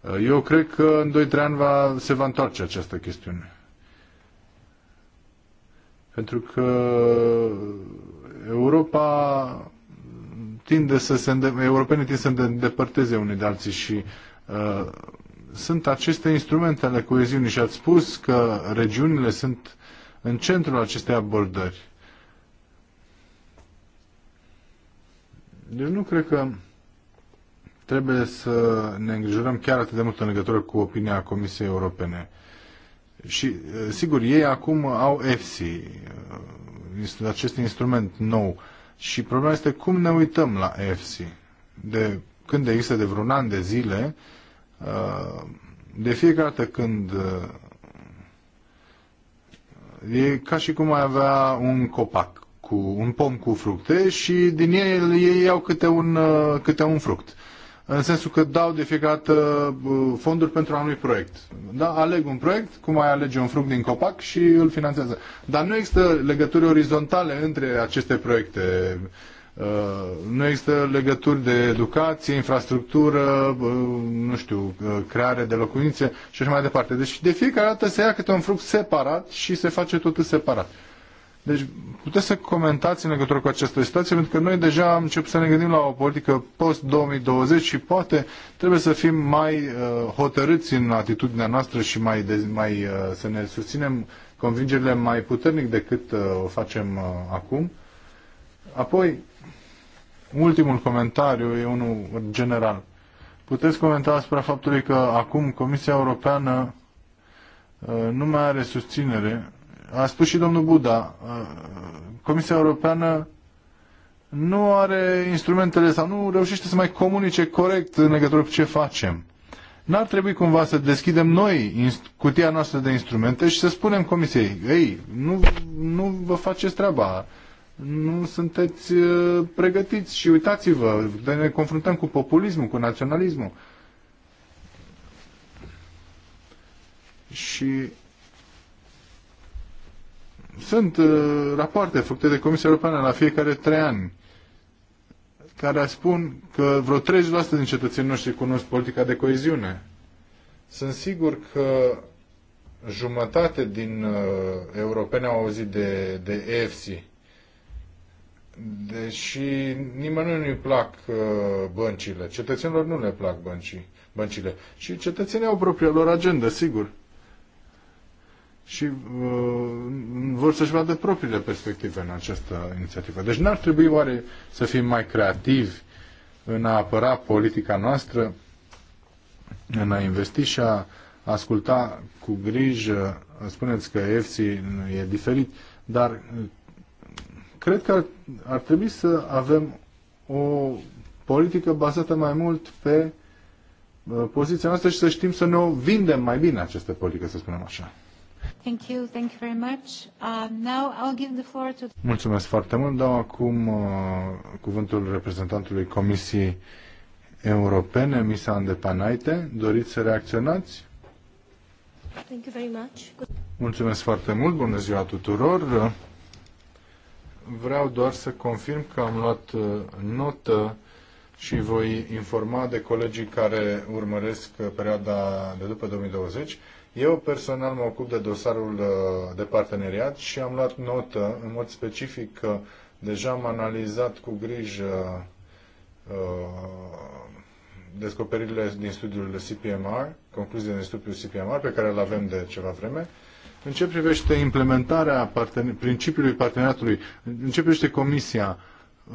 Uh, eu cred că în 2-3 ani va, se va întoarce această chestiune. Pentru că Europa tinde să se înde- europenii tind să se îndepărteze unii de alții și uh, sunt aceste instrumente ale coeziunii și ați spus că regiunile sunt în centrul acestei abordări. Deci nu cred că trebuie să ne îngrijorăm chiar atât de mult în legătură cu opinia Comisiei Europene. Și, eh, sigur, ei acum au EFSI, eh, acest instrument nou. Și problema este cum ne uităm la EFSI. De când există de vreun an de zile, eh, de fiecare dată când e ca și cum ai avea un copac cu un pom cu fructe și din el ei iau câte un, uh, câte un fruct. În sensul că dau de fiecare dată uh, fonduri pentru anului proiect. Da, aleg un proiect, cum mai alege un fruct din copac și îl finanțează. Dar nu există legături orizontale între aceste proiecte. Uh, nu există legături de educație, infrastructură, nu știu, creare de locuințe și așa mai departe. Deci de fiecare dată se ia câte un fruct separat și se face totul separat. Deci puteți să comentați în legătură cu această situație, pentru că noi deja am început să ne gândim la o politică post-2020 și poate trebuie să fim mai uh, hotărâți în atitudinea noastră și mai, de, mai uh, să ne susținem convingerile mai puternic decât uh, o facem uh, acum. Apoi, ultimul comentariu e unul general. Puteți comenta asupra faptului că acum Comisia Europeană uh, nu mai are susținere a spus și domnul Buda, uh, Comisia Europeană nu are instrumentele sau nu reușește să mai comunice corect în legătură cu ce facem. N-ar trebui cumva să deschidem noi cutia noastră de instrumente și să spunem Comisiei, ei, nu, nu vă faceți treaba, nu sunteți uh, pregătiți și uitați-vă, ne confruntăm cu populismul, cu naționalismul. Și sunt uh, rapoarte făcute de Comisia Europeană la fiecare trei ani care spun că vreo 30% din cetățenii noștri cunosc politica de coeziune. Sunt sigur că jumătate din uh, europene au auzit de, de EFC. Deși nimănui nu-i plac uh, băncile. Cetățenilor nu le plac băncii, băncile. Și cetățenii au propria lor agenda, sigur și uh, vor să-și vadă propriile perspective în această inițiativă. Deci n-ar trebui oare să fim mai creativi în a apăra politica noastră, în a investi și a asculta cu grijă, spuneți că EFSI e diferit, dar uh, cred că ar, ar trebui să avem o politică bazată mai mult pe uh, poziția noastră și să știm să ne o vindem mai bine această politică, să spunem așa. Thank you, thank you very much. Uh, now I'll give the floor to... Mulțumesc foarte mult. Dau acum uh, cuvântul reprezentantului Comisiei Europene, Misa Andepanaite. Doriți să reacționați? Thank you very much. Mulțumesc foarte mult. Bună ziua tuturor. Vreau doar să confirm că am luat uh, notă și voi informa de colegii care urmăresc perioada de după 2020 eu personal mă ocup de dosarul uh, de parteneriat și am luat notă, în mod specific, că deja am analizat cu grijă uh, descoperirile din studiul CPMR, concluziile din studiul CPMR, pe care îl avem de ceva vreme, în ce privește implementarea partener- principiului parteneriatului, în ce privește Comisia, uh,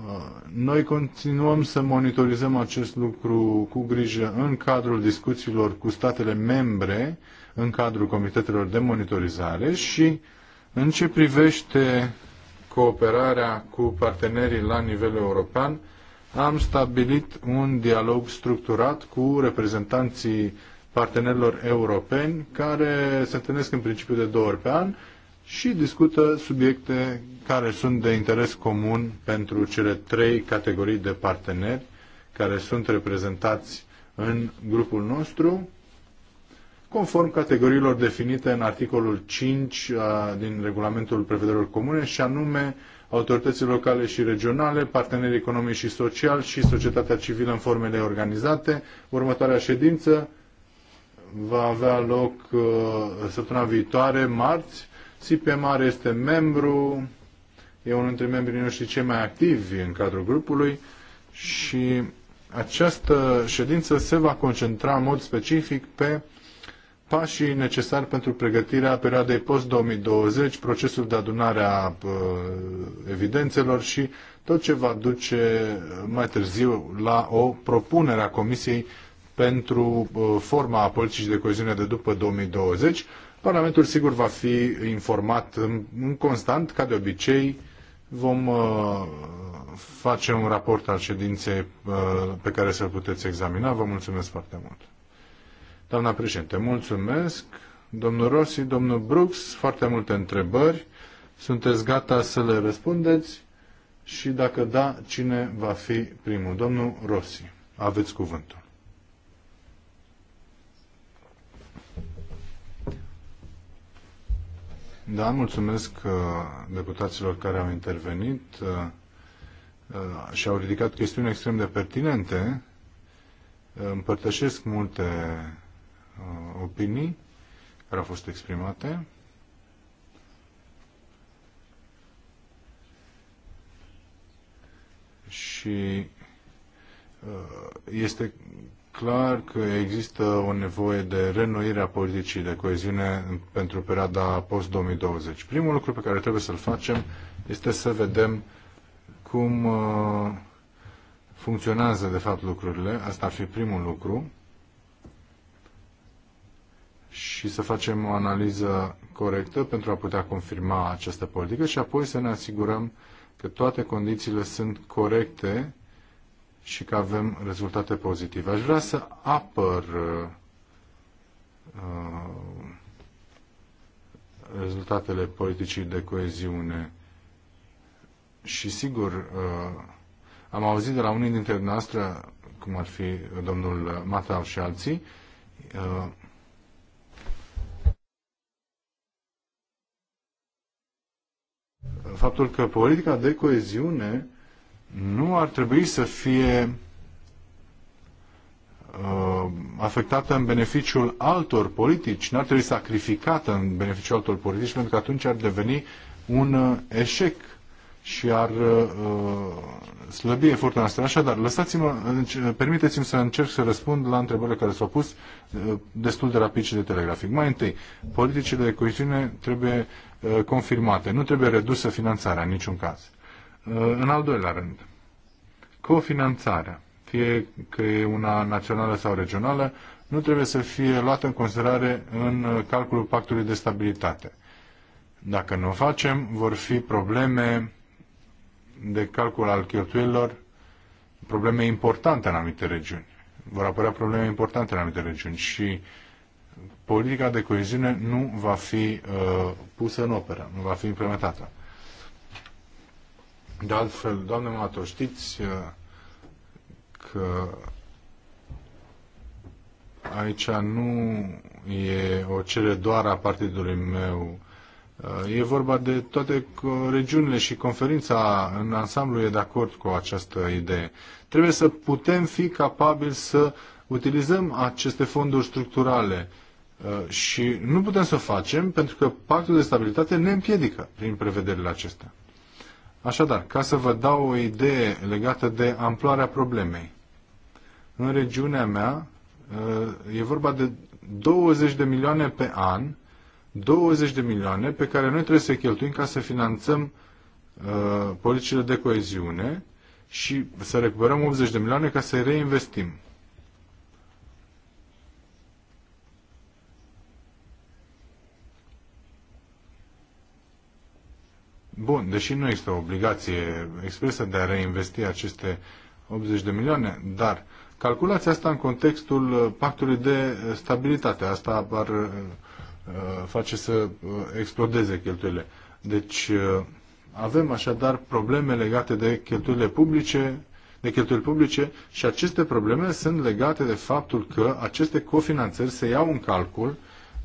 noi continuăm să monitorizăm acest lucru cu grijă în cadrul discuțiilor cu statele membre în cadrul comitetelor de monitorizare și în ce privește cooperarea cu partenerii la nivel european, am stabilit un dialog structurat cu reprezentanții partenerilor europeni care se întâlnesc în principiu de două ori pe an și discută subiecte care sunt de interes comun pentru cele trei categorii de parteneri care sunt reprezentați în grupul nostru conform categoriilor definite în articolul 5 uh, din regulamentul prevederilor comune și anume autorității locale și regionale, partenerii economici și sociali și societatea civilă în formele organizate. Următoarea ședință va avea loc uh, săptămâna viitoare, marți. SIPMAR este membru, e unul dintre membrii noștri cei mai activi în cadrul grupului și această ședință se va concentra în mod specific pe pașii necesari pentru pregătirea perioadei post-2020, procesul de adunare a evidențelor și tot ce va duce uh, mai târziu la o propunere a Comisiei pentru uh, forma a politicii de coeziune de după 2020. Parlamentul sigur va fi informat în constant, ca de obicei, vom uh, face un raport al ședinței pe care să-l puteți examina. Vă mulțumesc foarte mult! Doamna președinte, mulțumesc. Domnul Rossi, domnul Brooks, foarte multe întrebări. Sunteți gata să le răspundeți? Și dacă da, cine va fi primul? Domnul Rossi, aveți cuvântul. Da, mulțumesc uh, deputaților care au intervenit uh, uh, și au ridicat chestiuni extrem de pertinente. Împărtășesc multe Uh, opinii care au fost exprimate. Și uh, este clar că există o nevoie de renoire a politicii de coeziune pentru perioada post-2020. Primul lucru pe care trebuie să-l facem este să vedem cum uh, funcționează de fapt lucrurile. Asta ar fi primul lucru și să facem o analiză corectă pentru a putea confirma această politică și apoi să ne asigurăm că toate condițiile sunt corecte și că avem rezultate pozitive. Aș vrea să apăr uh, rezultatele politicii de coeziune și sigur uh, am auzit de la unii dintre noastre, cum ar fi domnul Matau și alții, uh, faptul că politica de coeziune nu ar trebui să fie uh, afectată în beneficiul altor politici, n-ar trebui sacrificată în beneficiul altor politici, pentru că atunci ar deveni un uh, eșec și ar uh, uh slăbi efortul Așa Așadar, lăsați-mă, permiteți-mi să încerc să răspund la întrebările care s-au pus uh, destul de rapid și de telegrafic. Mai întâi, politicile de coeziune trebuie Uh, confirmate. Nu trebuie redusă finanțarea în niciun caz. Uh, în al doilea rând, cofinanțarea, fie că e una națională sau regională, nu trebuie să fie luată în considerare în uh, calculul pactului de stabilitate. Dacă nu o facem, vor fi probleme de calcul al cheltuielilor, probleme importante în anumite regiuni. Vor apărea probleme importante în anumite regiuni și uh, politica de coeziune nu va fi uh, pusă în operă, nu va fi implementată. De altfel, doamne Mato, știți uh, că aici nu e o cere doar a partidului meu. Uh, e vorba de toate regiunile și conferința în ansamblu e de acord cu această idee. Trebuie să putem fi capabili să utilizăm aceste fonduri structurale uh, Uh, și nu putem să o facem pentru că pactul de stabilitate ne împiedică prin prevederile acestea. Așadar, ca să vă dau o idee legată de amploarea problemei, în regiunea mea uh, e vorba de 20 de milioane pe an, 20 de milioane pe care noi trebuie să cheltuim ca să finanțăm uh, politicile de coeziune și să recuperăm 80 de milioane ca să reinvestim. Bun, deși nu există o obligație expresă de a reinvesti aceste 80 de milioane, dar calculați asta în contextul pactului de stabilitate. Asta ar uh, face să uh, explodeze cheltuielile. Deci uh, avem așadar probleme legate de cheltuielile publice, de cheltuieli publice și aceste probleme sunt legate de faptul că aceste cofinanțări se iau în calcul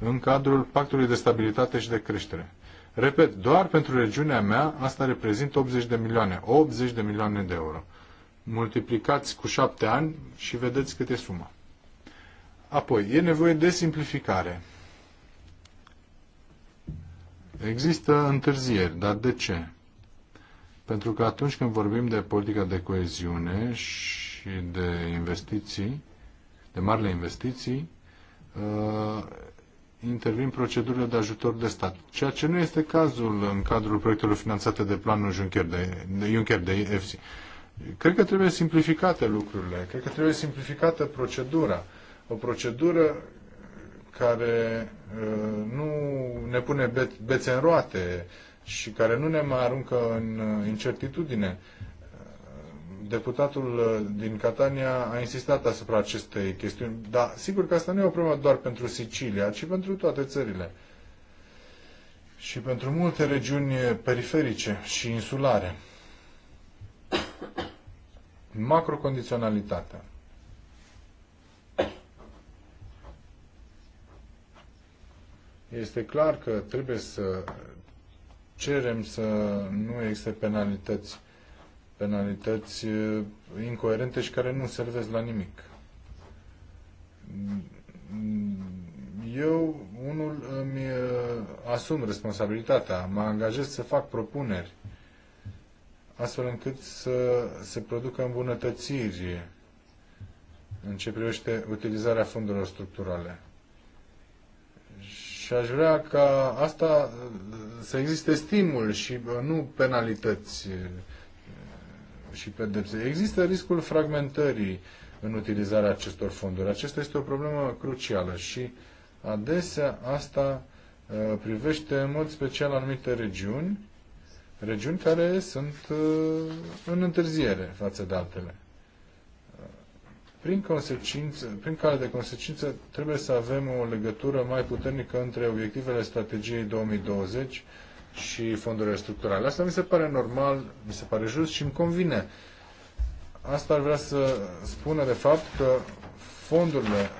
în cadrul pactului de stabilitate și de creștere. Repet, doar pentru regiunea mea asta reprezintă 80 de milioane, 80 de milioane de euro. Multiplicați cu șapte ani și vedeți cât e suma. Apoi, e nevoie de simplificare. Există întârzieri, dar de ce? Pentru că atunci când vorbim de politica de coeziune și de investiții, de marile investiții, uh, intervin procedurile de ajutor de stat, ceea ce nu este cazul în cadrul proiectelor finanțate de planul Juncker de, de, Juncker de EFSI. Cred că trebuie simplificate lucrurile, cred că trebuie simplificată procedura. O procedură care uh, nu ne pune bețe în roate și care nu ne mai aruncă în uh, incertitudine deputatul uh, din Catania a insistat asupra acestei chestiuni, dar sigur că asta nu e o problemă doar pentru Sicilia, ci pentru toate țările și pentru multe regiuni periferice și insulare. Macrocondiționalitatea. Este clar că trebuie să cerem să nu existe penalități penalități incoerente și care nu servesc la nimic. Eu, unul, îmi asum responsabilitatea, mă angajez să fac propuneri astfel încât să se producă îmbunătățiri în ce privește utilizarea fondurilor structurale. Și aș vrea ca asta să existe stimul și nu penalități și pedepse. Există riscul fragmentării în utilizarea acestor fonduri. Acesta este o problemă crucială și adesea asta uh, privește în mod special anumite regiuni, regiuni care sunt uh, în întârziere față de altele. Uh, prin, consecință, prin care de consecință trebuie să avem o legătură mai puternică între obiectivele strategiei 2020 și fondurile structurale. Asta mi se pare normal, mi se pare just și îmi convine. Asta ar vrea să spună de fapt că fondurile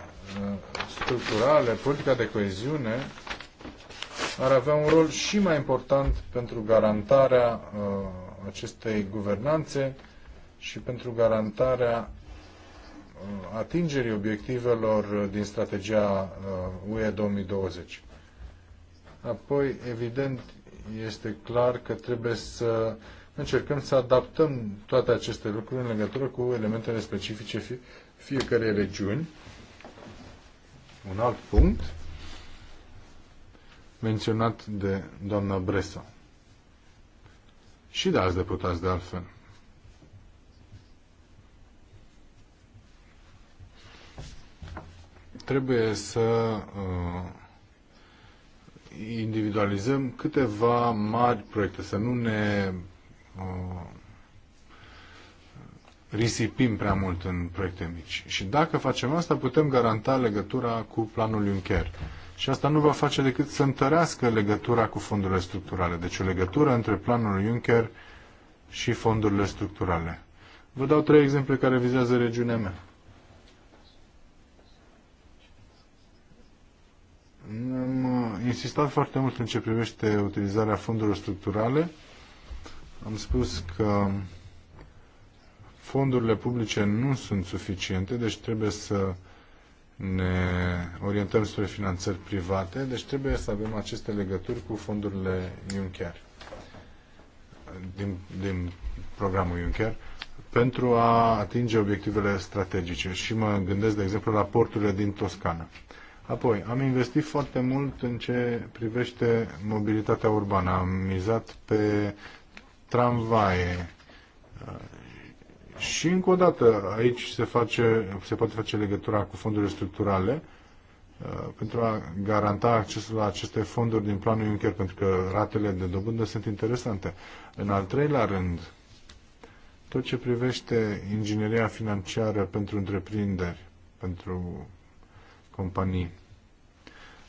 uh, structurale, politica de coeziune, ar avea un rol și mai important pentru garantarea uh, acestei guvernanțe și pentru garantarea uh, atingerii obiectivelor din strategia uh, UE 2020. Apoi, evident, este clar că trebuie să încercăm să adaptăm toate aceste lucruri în legătură cu elementele specifice fie, fiecarei regiuni. Un alt punct menționat de doamna Bresa și de alți deputați de altfel. Trebuie să uh, individualizăm câteva mari proiecte, să nu ne uh, risipim prea mult în proiecte mici. Și dacă facem asta, putem garanta legătura cu planul Juncker. Și asta nu va face decât să întărească legătura cu fondurile structurale. Deci o legătură între planul Juncker și fondurile structurale. Vă dau trei exemple care vizează regiunea mea. Am uh, insistat foarte mult în ce privește utilizarea fondurilor structurale. Am spus că fondurile publice nu sunt suficiente, deci trebuie să ne orientăm spre finanțări private, deci trebuie să avem aceste legături cu fondurile Juncker, din, din programul Juncker, pentru a atinge obiectivele strategice. Și mă gândesc, de exemplu, la porturile din Toscana. Apoi, am investit foarte mult în ce privește mobilitatea urbană. Am mizat pe tramvaie. Uh, și încă o dată, aici se, face, se poate face legătura cu fondurile structurale uh, pentru a garanta accesul la aceste fonduri din planul Juncker, pentru că ratele de dobândă sunt interesante. În al treilea rând, tot ce privește ingineria financiară pentru întreprinderi, pentru companii.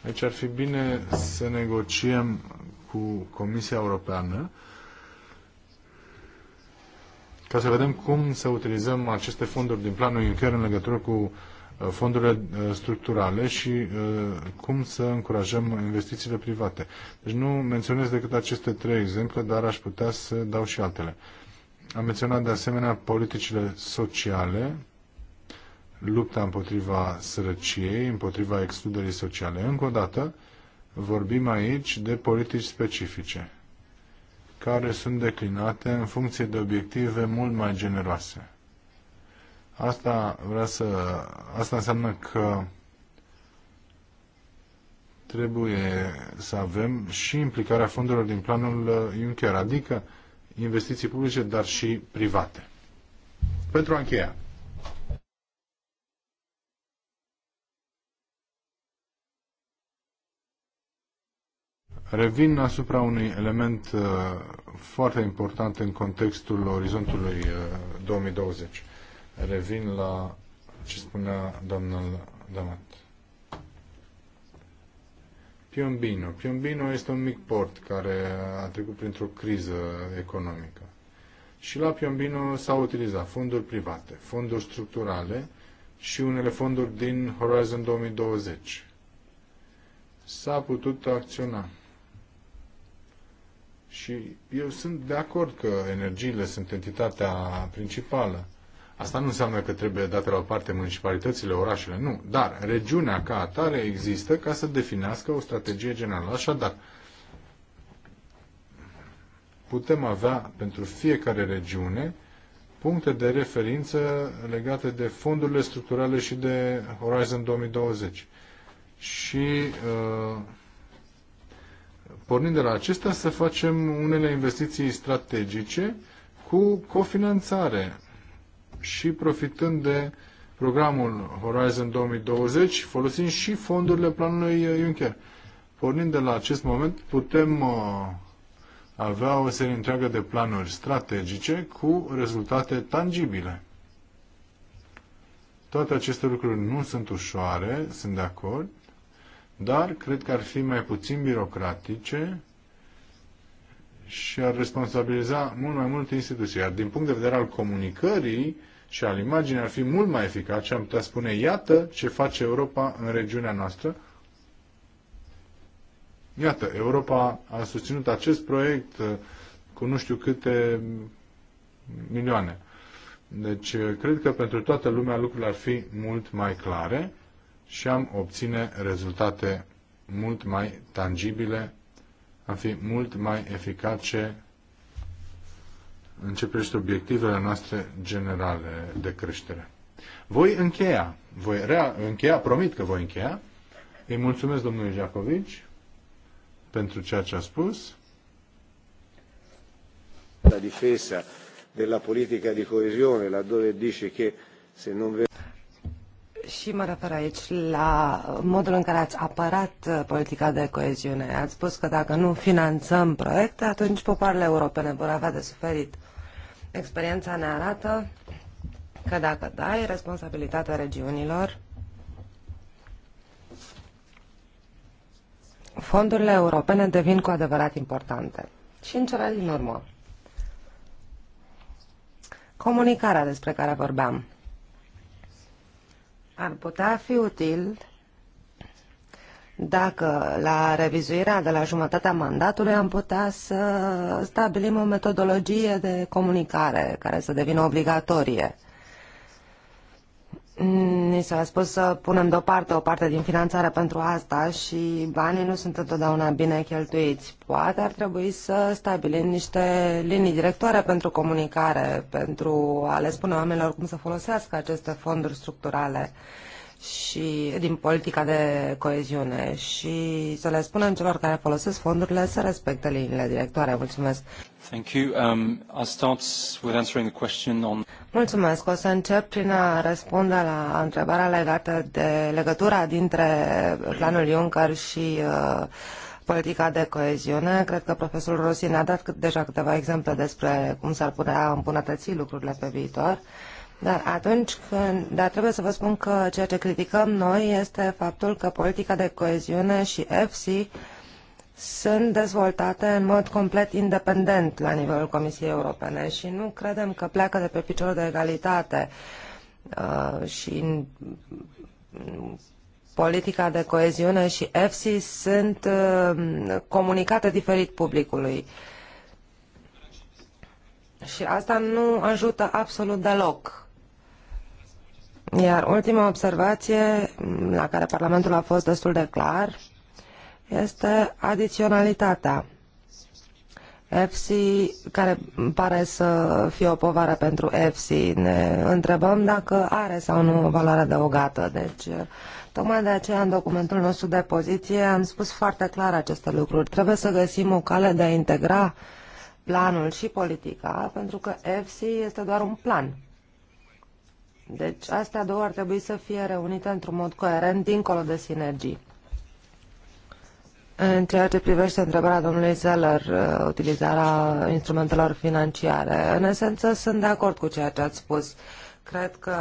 Aici ar fi bine să negociem cu Comisia Europeană ca să vedem cum să utilizăm aceste fonduri din planul Juncker în legătură cu uh, fondurile uh, structurale și uh, cum să încurajăm investițiile private. Deci nu menționez decât aceste trei exemple, dar aș putea să dau și altele. Am menționat de asemenea politicile sociale, lupta împotriva sărăciei, împotriva excluderii sociale. Încă o dată, vorbim aici de politici specifice, care sunt declinate în funcție de obiective mult mai generoase. Asta, vrea să, asta înseamnă că trebuie să avem și implicarea fondurilor din planul uh, Juncker, adică investiții publice, dar și private. Pentru a încheia, Revin asupra unui element uh, foarte important în contextul orizontului 2020. Uh, Revin la ce spunea domnul Damat. Piombino. Piombino este un mic port care a trecut printr-o criză economică. Și la Piombino s-au utilizat fonduri private, fonduri structurale și unele fonduri din Horizon 2020. S-a putut acționa și eu sunt de acord că energiile sunt entitatea principală. Asta nu înseamnă că trebuie date la o parte municipalitățile, orașele, nu. Dar regiunea ca atare există ca să definească o strategie generală. Așadar, putem avea pentru fiecare regiune puncte de referință legate de fondurile structurale și de Horizon 2020. Și uh, pornind de la acestea, să facem unele investiții strategice cu cofinanțare și profitând de programul Horizon 2020, folosind și fondurile planului Juncker. Pornind de la acest moment, putem uh, avea o serie întreagă de planuri strategice cu rezultate tangibile. Toate aceste lucruri nu sunt ușoare, sunt de acord, dar cred că ar fi mai puțin birocratice și ar responsabiliza mult mai multe instituții. Iar din punct de vedere al comunicării și al imaginii ar fi mult mai eficace, am putea spune, iată ce face Europa în regiunea noastră. Iată, Europa a susținut acest proiect uh, cu nu știu câte milioane. Deci, uh, cred că pentru toată lumea lucrurile ar fi mult mai clare și am obține rezultate mult mai tangibile, am fi mult mai eficace în ce privește obiectivele noastre generale de creștere. Voi încheia, voi rea, încheia, promit că voi încheia. Îi mulțumesc domnului Jacovici pentru ceea ce a spus. La difesa della politica di coesione, laddove dice che se non și mă refer aici la modul în care ați apărat uh, politica de coeziune. Ați spus că dacă nu finanțăm proiecte, atunci popoarele europene vor avea de suferit. Experiența ne arată că dacă dai responsabilitatea regiunilor, fondurile europene devin cu adevărat importante. Și în cele din urmă, comunicarea despre care vorbeam ar putea fi util dacă la revizuirea de la jumătatea mandatului am putea să stabilim o metodologie de comunicare care să devină obligatorie Ni s-a spus să punem deoparte o parte din finanțare pentru asta și banii nu sunt întotdeauna bine cheltuiți. Poate ar trebui să stabilim niște linii directoare pentru comunicare, pentru a le spune oamenilor cum să folosească aceste fonduri structurale și din politica de coeziune și să le spunem celor care folosesc fondurile să respecte liniile directoare. Mulțumesc. Thank you. Um, I'll start with answering the question on... Mulțumesc. O să încep prin a răspunde la întrebarea legată de legătura dintre planul Juncker și uh, politica de coeziune. Cred că profesorul Rosin ne-a dat cât, deja câteva exemple despre cum s-ar putea îmbunătăți lucrurile pe viitor. Uh, dar atunci când, dar trebuie să vă spun că ceea ce criticăm noi este faptul că politica de coeziune și EFSI sunt dezvoltate în mod complet independent la nivelul Comisiei Europene și nu credem că pleacă de pe picior de egalitate uh, și politica de coeziune și EFSI sunt uh, comunicate diferit publicului. Și asta nu ajută absolut deloc iar ultima observație, mm, la care Parlamentul a fost destul de clar, este adiționalitatea. EFSI, care pare să fie o povară pentru EFSI, ne întrebăm dacă are sau nu o valoare adăugată. Deci, eh, tocmai de aceea, în documentul nostru de poziție, am spus foarte clar aceste lucruri. Trebuie să găsim o cale de a integra planul și politica, pentru că EFSI este doar un plan deci astea două ar trebui să fie reunite într-un mod coerent, dincolo de sinergii. În ceea ce privește întrebarea domnului Zeller, uh, utilizarea instrumentelor financiare, în esență sunt de acord cu ceea ce ați spus. Cred că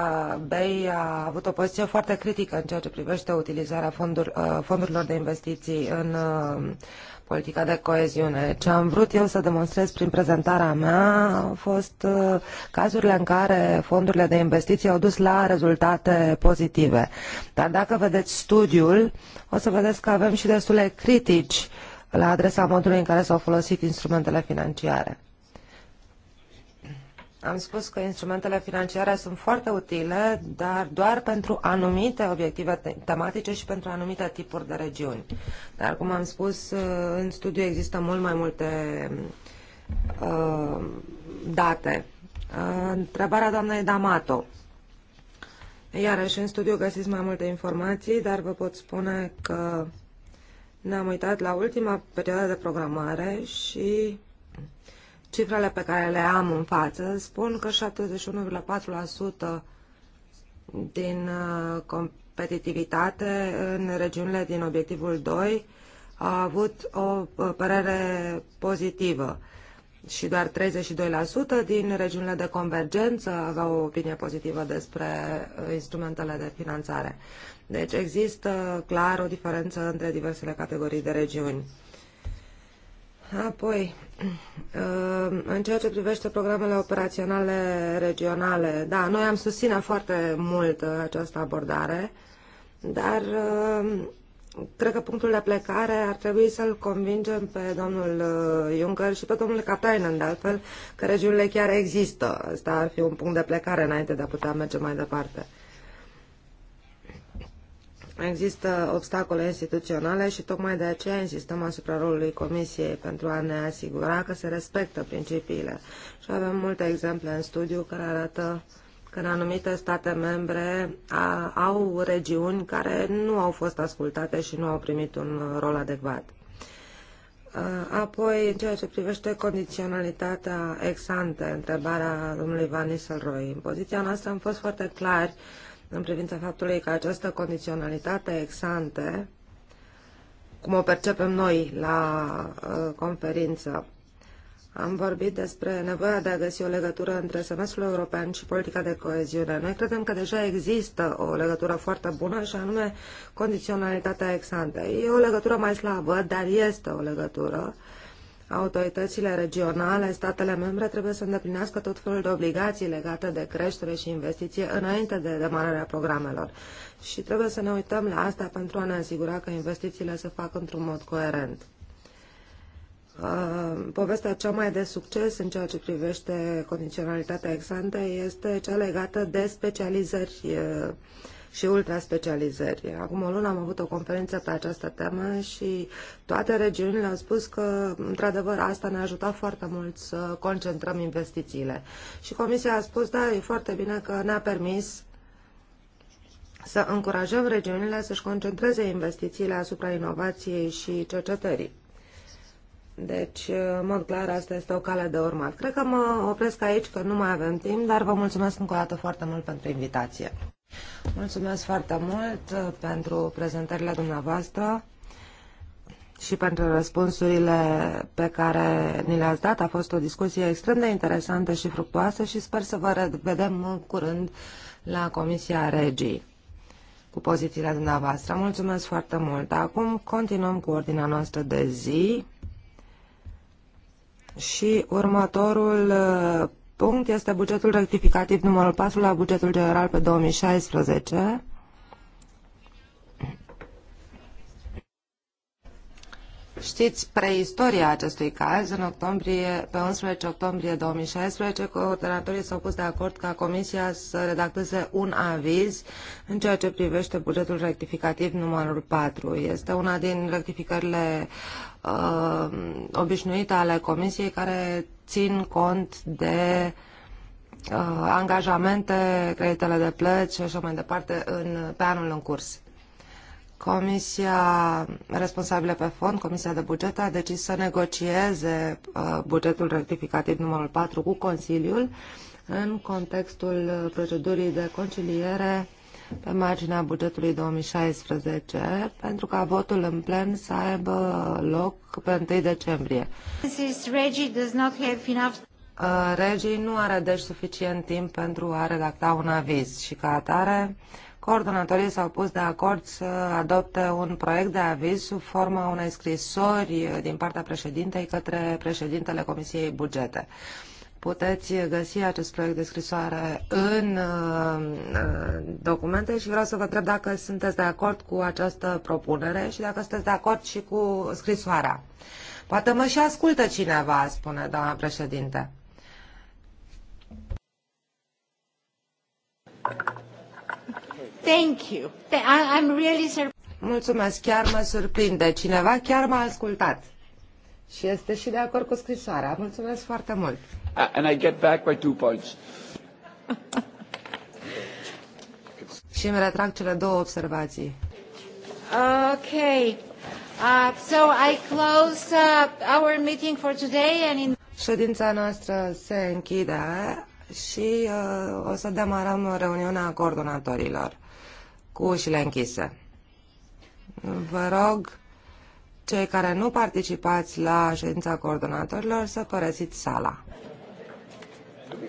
BEI a avut o poziție foarte critică în ceea ce privește utilizarea fonduri, uh, fondurilor de investiții în uh, politica de coeziune. Ce am vrut eu să demonstrez prin prezentarea mea au fost uh, cazurile în care fondurile de investiții au dus la rezultate pozitive. Dar dacă vedeți studiul, o să vedeți că avem și destule critici la adresa modului în care s-au folosit instrumentele financiare. Am spus că instrumentele financiare sunt foarte utile, dar doar pentru anumite obiective tematice și pentru anumite tipuri de regiuni. Dar, cum am spus, uh, în studiu există mult mai multe uh, date. Uh, întrebarea doamnei Damato. Iarăși, în studiu găsiți mai multe informații, dar vă pot spune că ne-am uitat la ultima perioadă de programare și uh, Cifrele pe care le am în față spun că 71,4% din uh, competitivitate în regiunile din obiectivul 2 a avut o uh, părere pozitivă și doar 32% din regiunile de convergență aveau o opinie pozitivă despre uh, instrumentele de finanțare. Deci există clar o diferență între diversele categorii de regiuni. Apoi, Ehm, în ceea ce privește programele operaționale regionale, da, noi am susținut foarte mult uh, această abordare, dar ehm, cred că punctul de plecare ar trebui să-l convingem pe domnul uh, Juncker și pe domnul Katainen, de altfel, că regiunile chiar există. Asta ar fi un punct de plecare înainte de a putea merge mai departe. Există obstacole instituționale și tocmai de aceea insistăm asupra rolului Comisiei pentru a ne asigura că se respectă principiile. Și avem multe exemple în studiu care arată că în anumite state membre a, au regiuni care nu au fost ascultate și nu au primit un rol adecvat. Apoi, în ceea ce privește condiționalitatea ex ante, întrebarea domnului Van Nistelrooy, în poziția noastră am fost foarte clari în privința faptului că această condiționalitate ex-ante, cum o percepem noi la uh, conferință, am vorbit despre nevoia de a găsi o legătură între semestrul european și politica de coeziune. Noi credem că deja există o legătură foarte bună și anume condiționalitatea ex-ante. E o legătură mai slabă, dar este o legătură autoritățile regionale, statele membre trebuie să îndeplinească tot felul de obligații legate de creștere și investiție înainte de demararea programelor. Și trebuie să ne uităm la asta pentru a ne asigura că investițiile se fac într-un mod coerent. Uh, povestea cea mai de succes în ceea ce privește condiționalitatea ex este cea legată de specializări uh, și ultraspecializări. Acum o lună am avut o conferință pe această temă și toate regiunile au spus că, într-adevăr, asta ne-a ajutat foarte mult să concentrăm investițiile. Și Comisia a spus, da, e foarte bine că ne-a permis să încurajăm regiunile să-și concentreze investițiile asupra inovației și cercetării. Deci, în mod clar, asta este o cale de urmat. Cred că mă opresc aici, că nu mai avem timp, dar vă mulțumesc încă o dată foarte mult pentru invitație. Mulțumesc foarte mult uh, pentru prezentările dumneavoastră și pentru răspunsurile pe care ni le-ați dat. A fost o discuție extrem de interesantă și fructuoasă și sper să vă vedem curând la Comisia Regii cu pozițiile dumneavoastră. Mulțumesc foarte mult. Acum continuăm cu ordinea noastră de zi și următorul uh, punct este bugetul rectificativ numărul 4 la bugetul general pe 2016. Știți preistoria acestui caz. În octombrie, pe 11 octombrie 2016, coordonatorii s-au pus de acord ca Comisia să redacteze un aviz în ceea ce privește bugetul rectificativ numărul 4. Este una din rectificările uh, obișnuite ale Comisiei care țin cont de uh, angajamente, creditele de plăți și așa mai departe în, pe anul în curs. Comisia responsabilă pe fond, Comisia de Buget, a decis să negocieze uh, bugetul rectificativ numărul 4 cu Consiliul în contextul procedurii de conciliere pe marginea bugetului 2016 pentru ca votul în plen să aibă loc pe 1 decembrie. Regii uh, nu are deci suficient timp pentru a redacta un aviz și ca atare coordonatorii s-au pus de acord să adopte un proiect de aviz sub forma unei scrisori din partea președintei către președintele Comisiei Bugete. Puteți găsi acest proiect de scrisoare în uh, uh, documente și vreau să vă întreb dacă sunteți de acord cu această propunere și dacă sunteți de acord și cu scrisoarea. Poate mă și ascultă cineva, spune doamna președinte. Thank you. I'm really surprised. Mulțumesc, chiar mă surprinde. Cineva chiar m-a ascultat. Și este și de acord cu scrisoarea. Mulțumesc foarte mult and I get back by two points. [laughs] Și îmi retrag cele două observații. Ok, Uh, so I close uh, our meeting for today and in... Ședința noastră se închide și uh, o să demarăm reuniunea coordonatorilor cu ușile închise. Vă rog, cei care nu participați la ședința coordonatorilor, să părăsiți sala.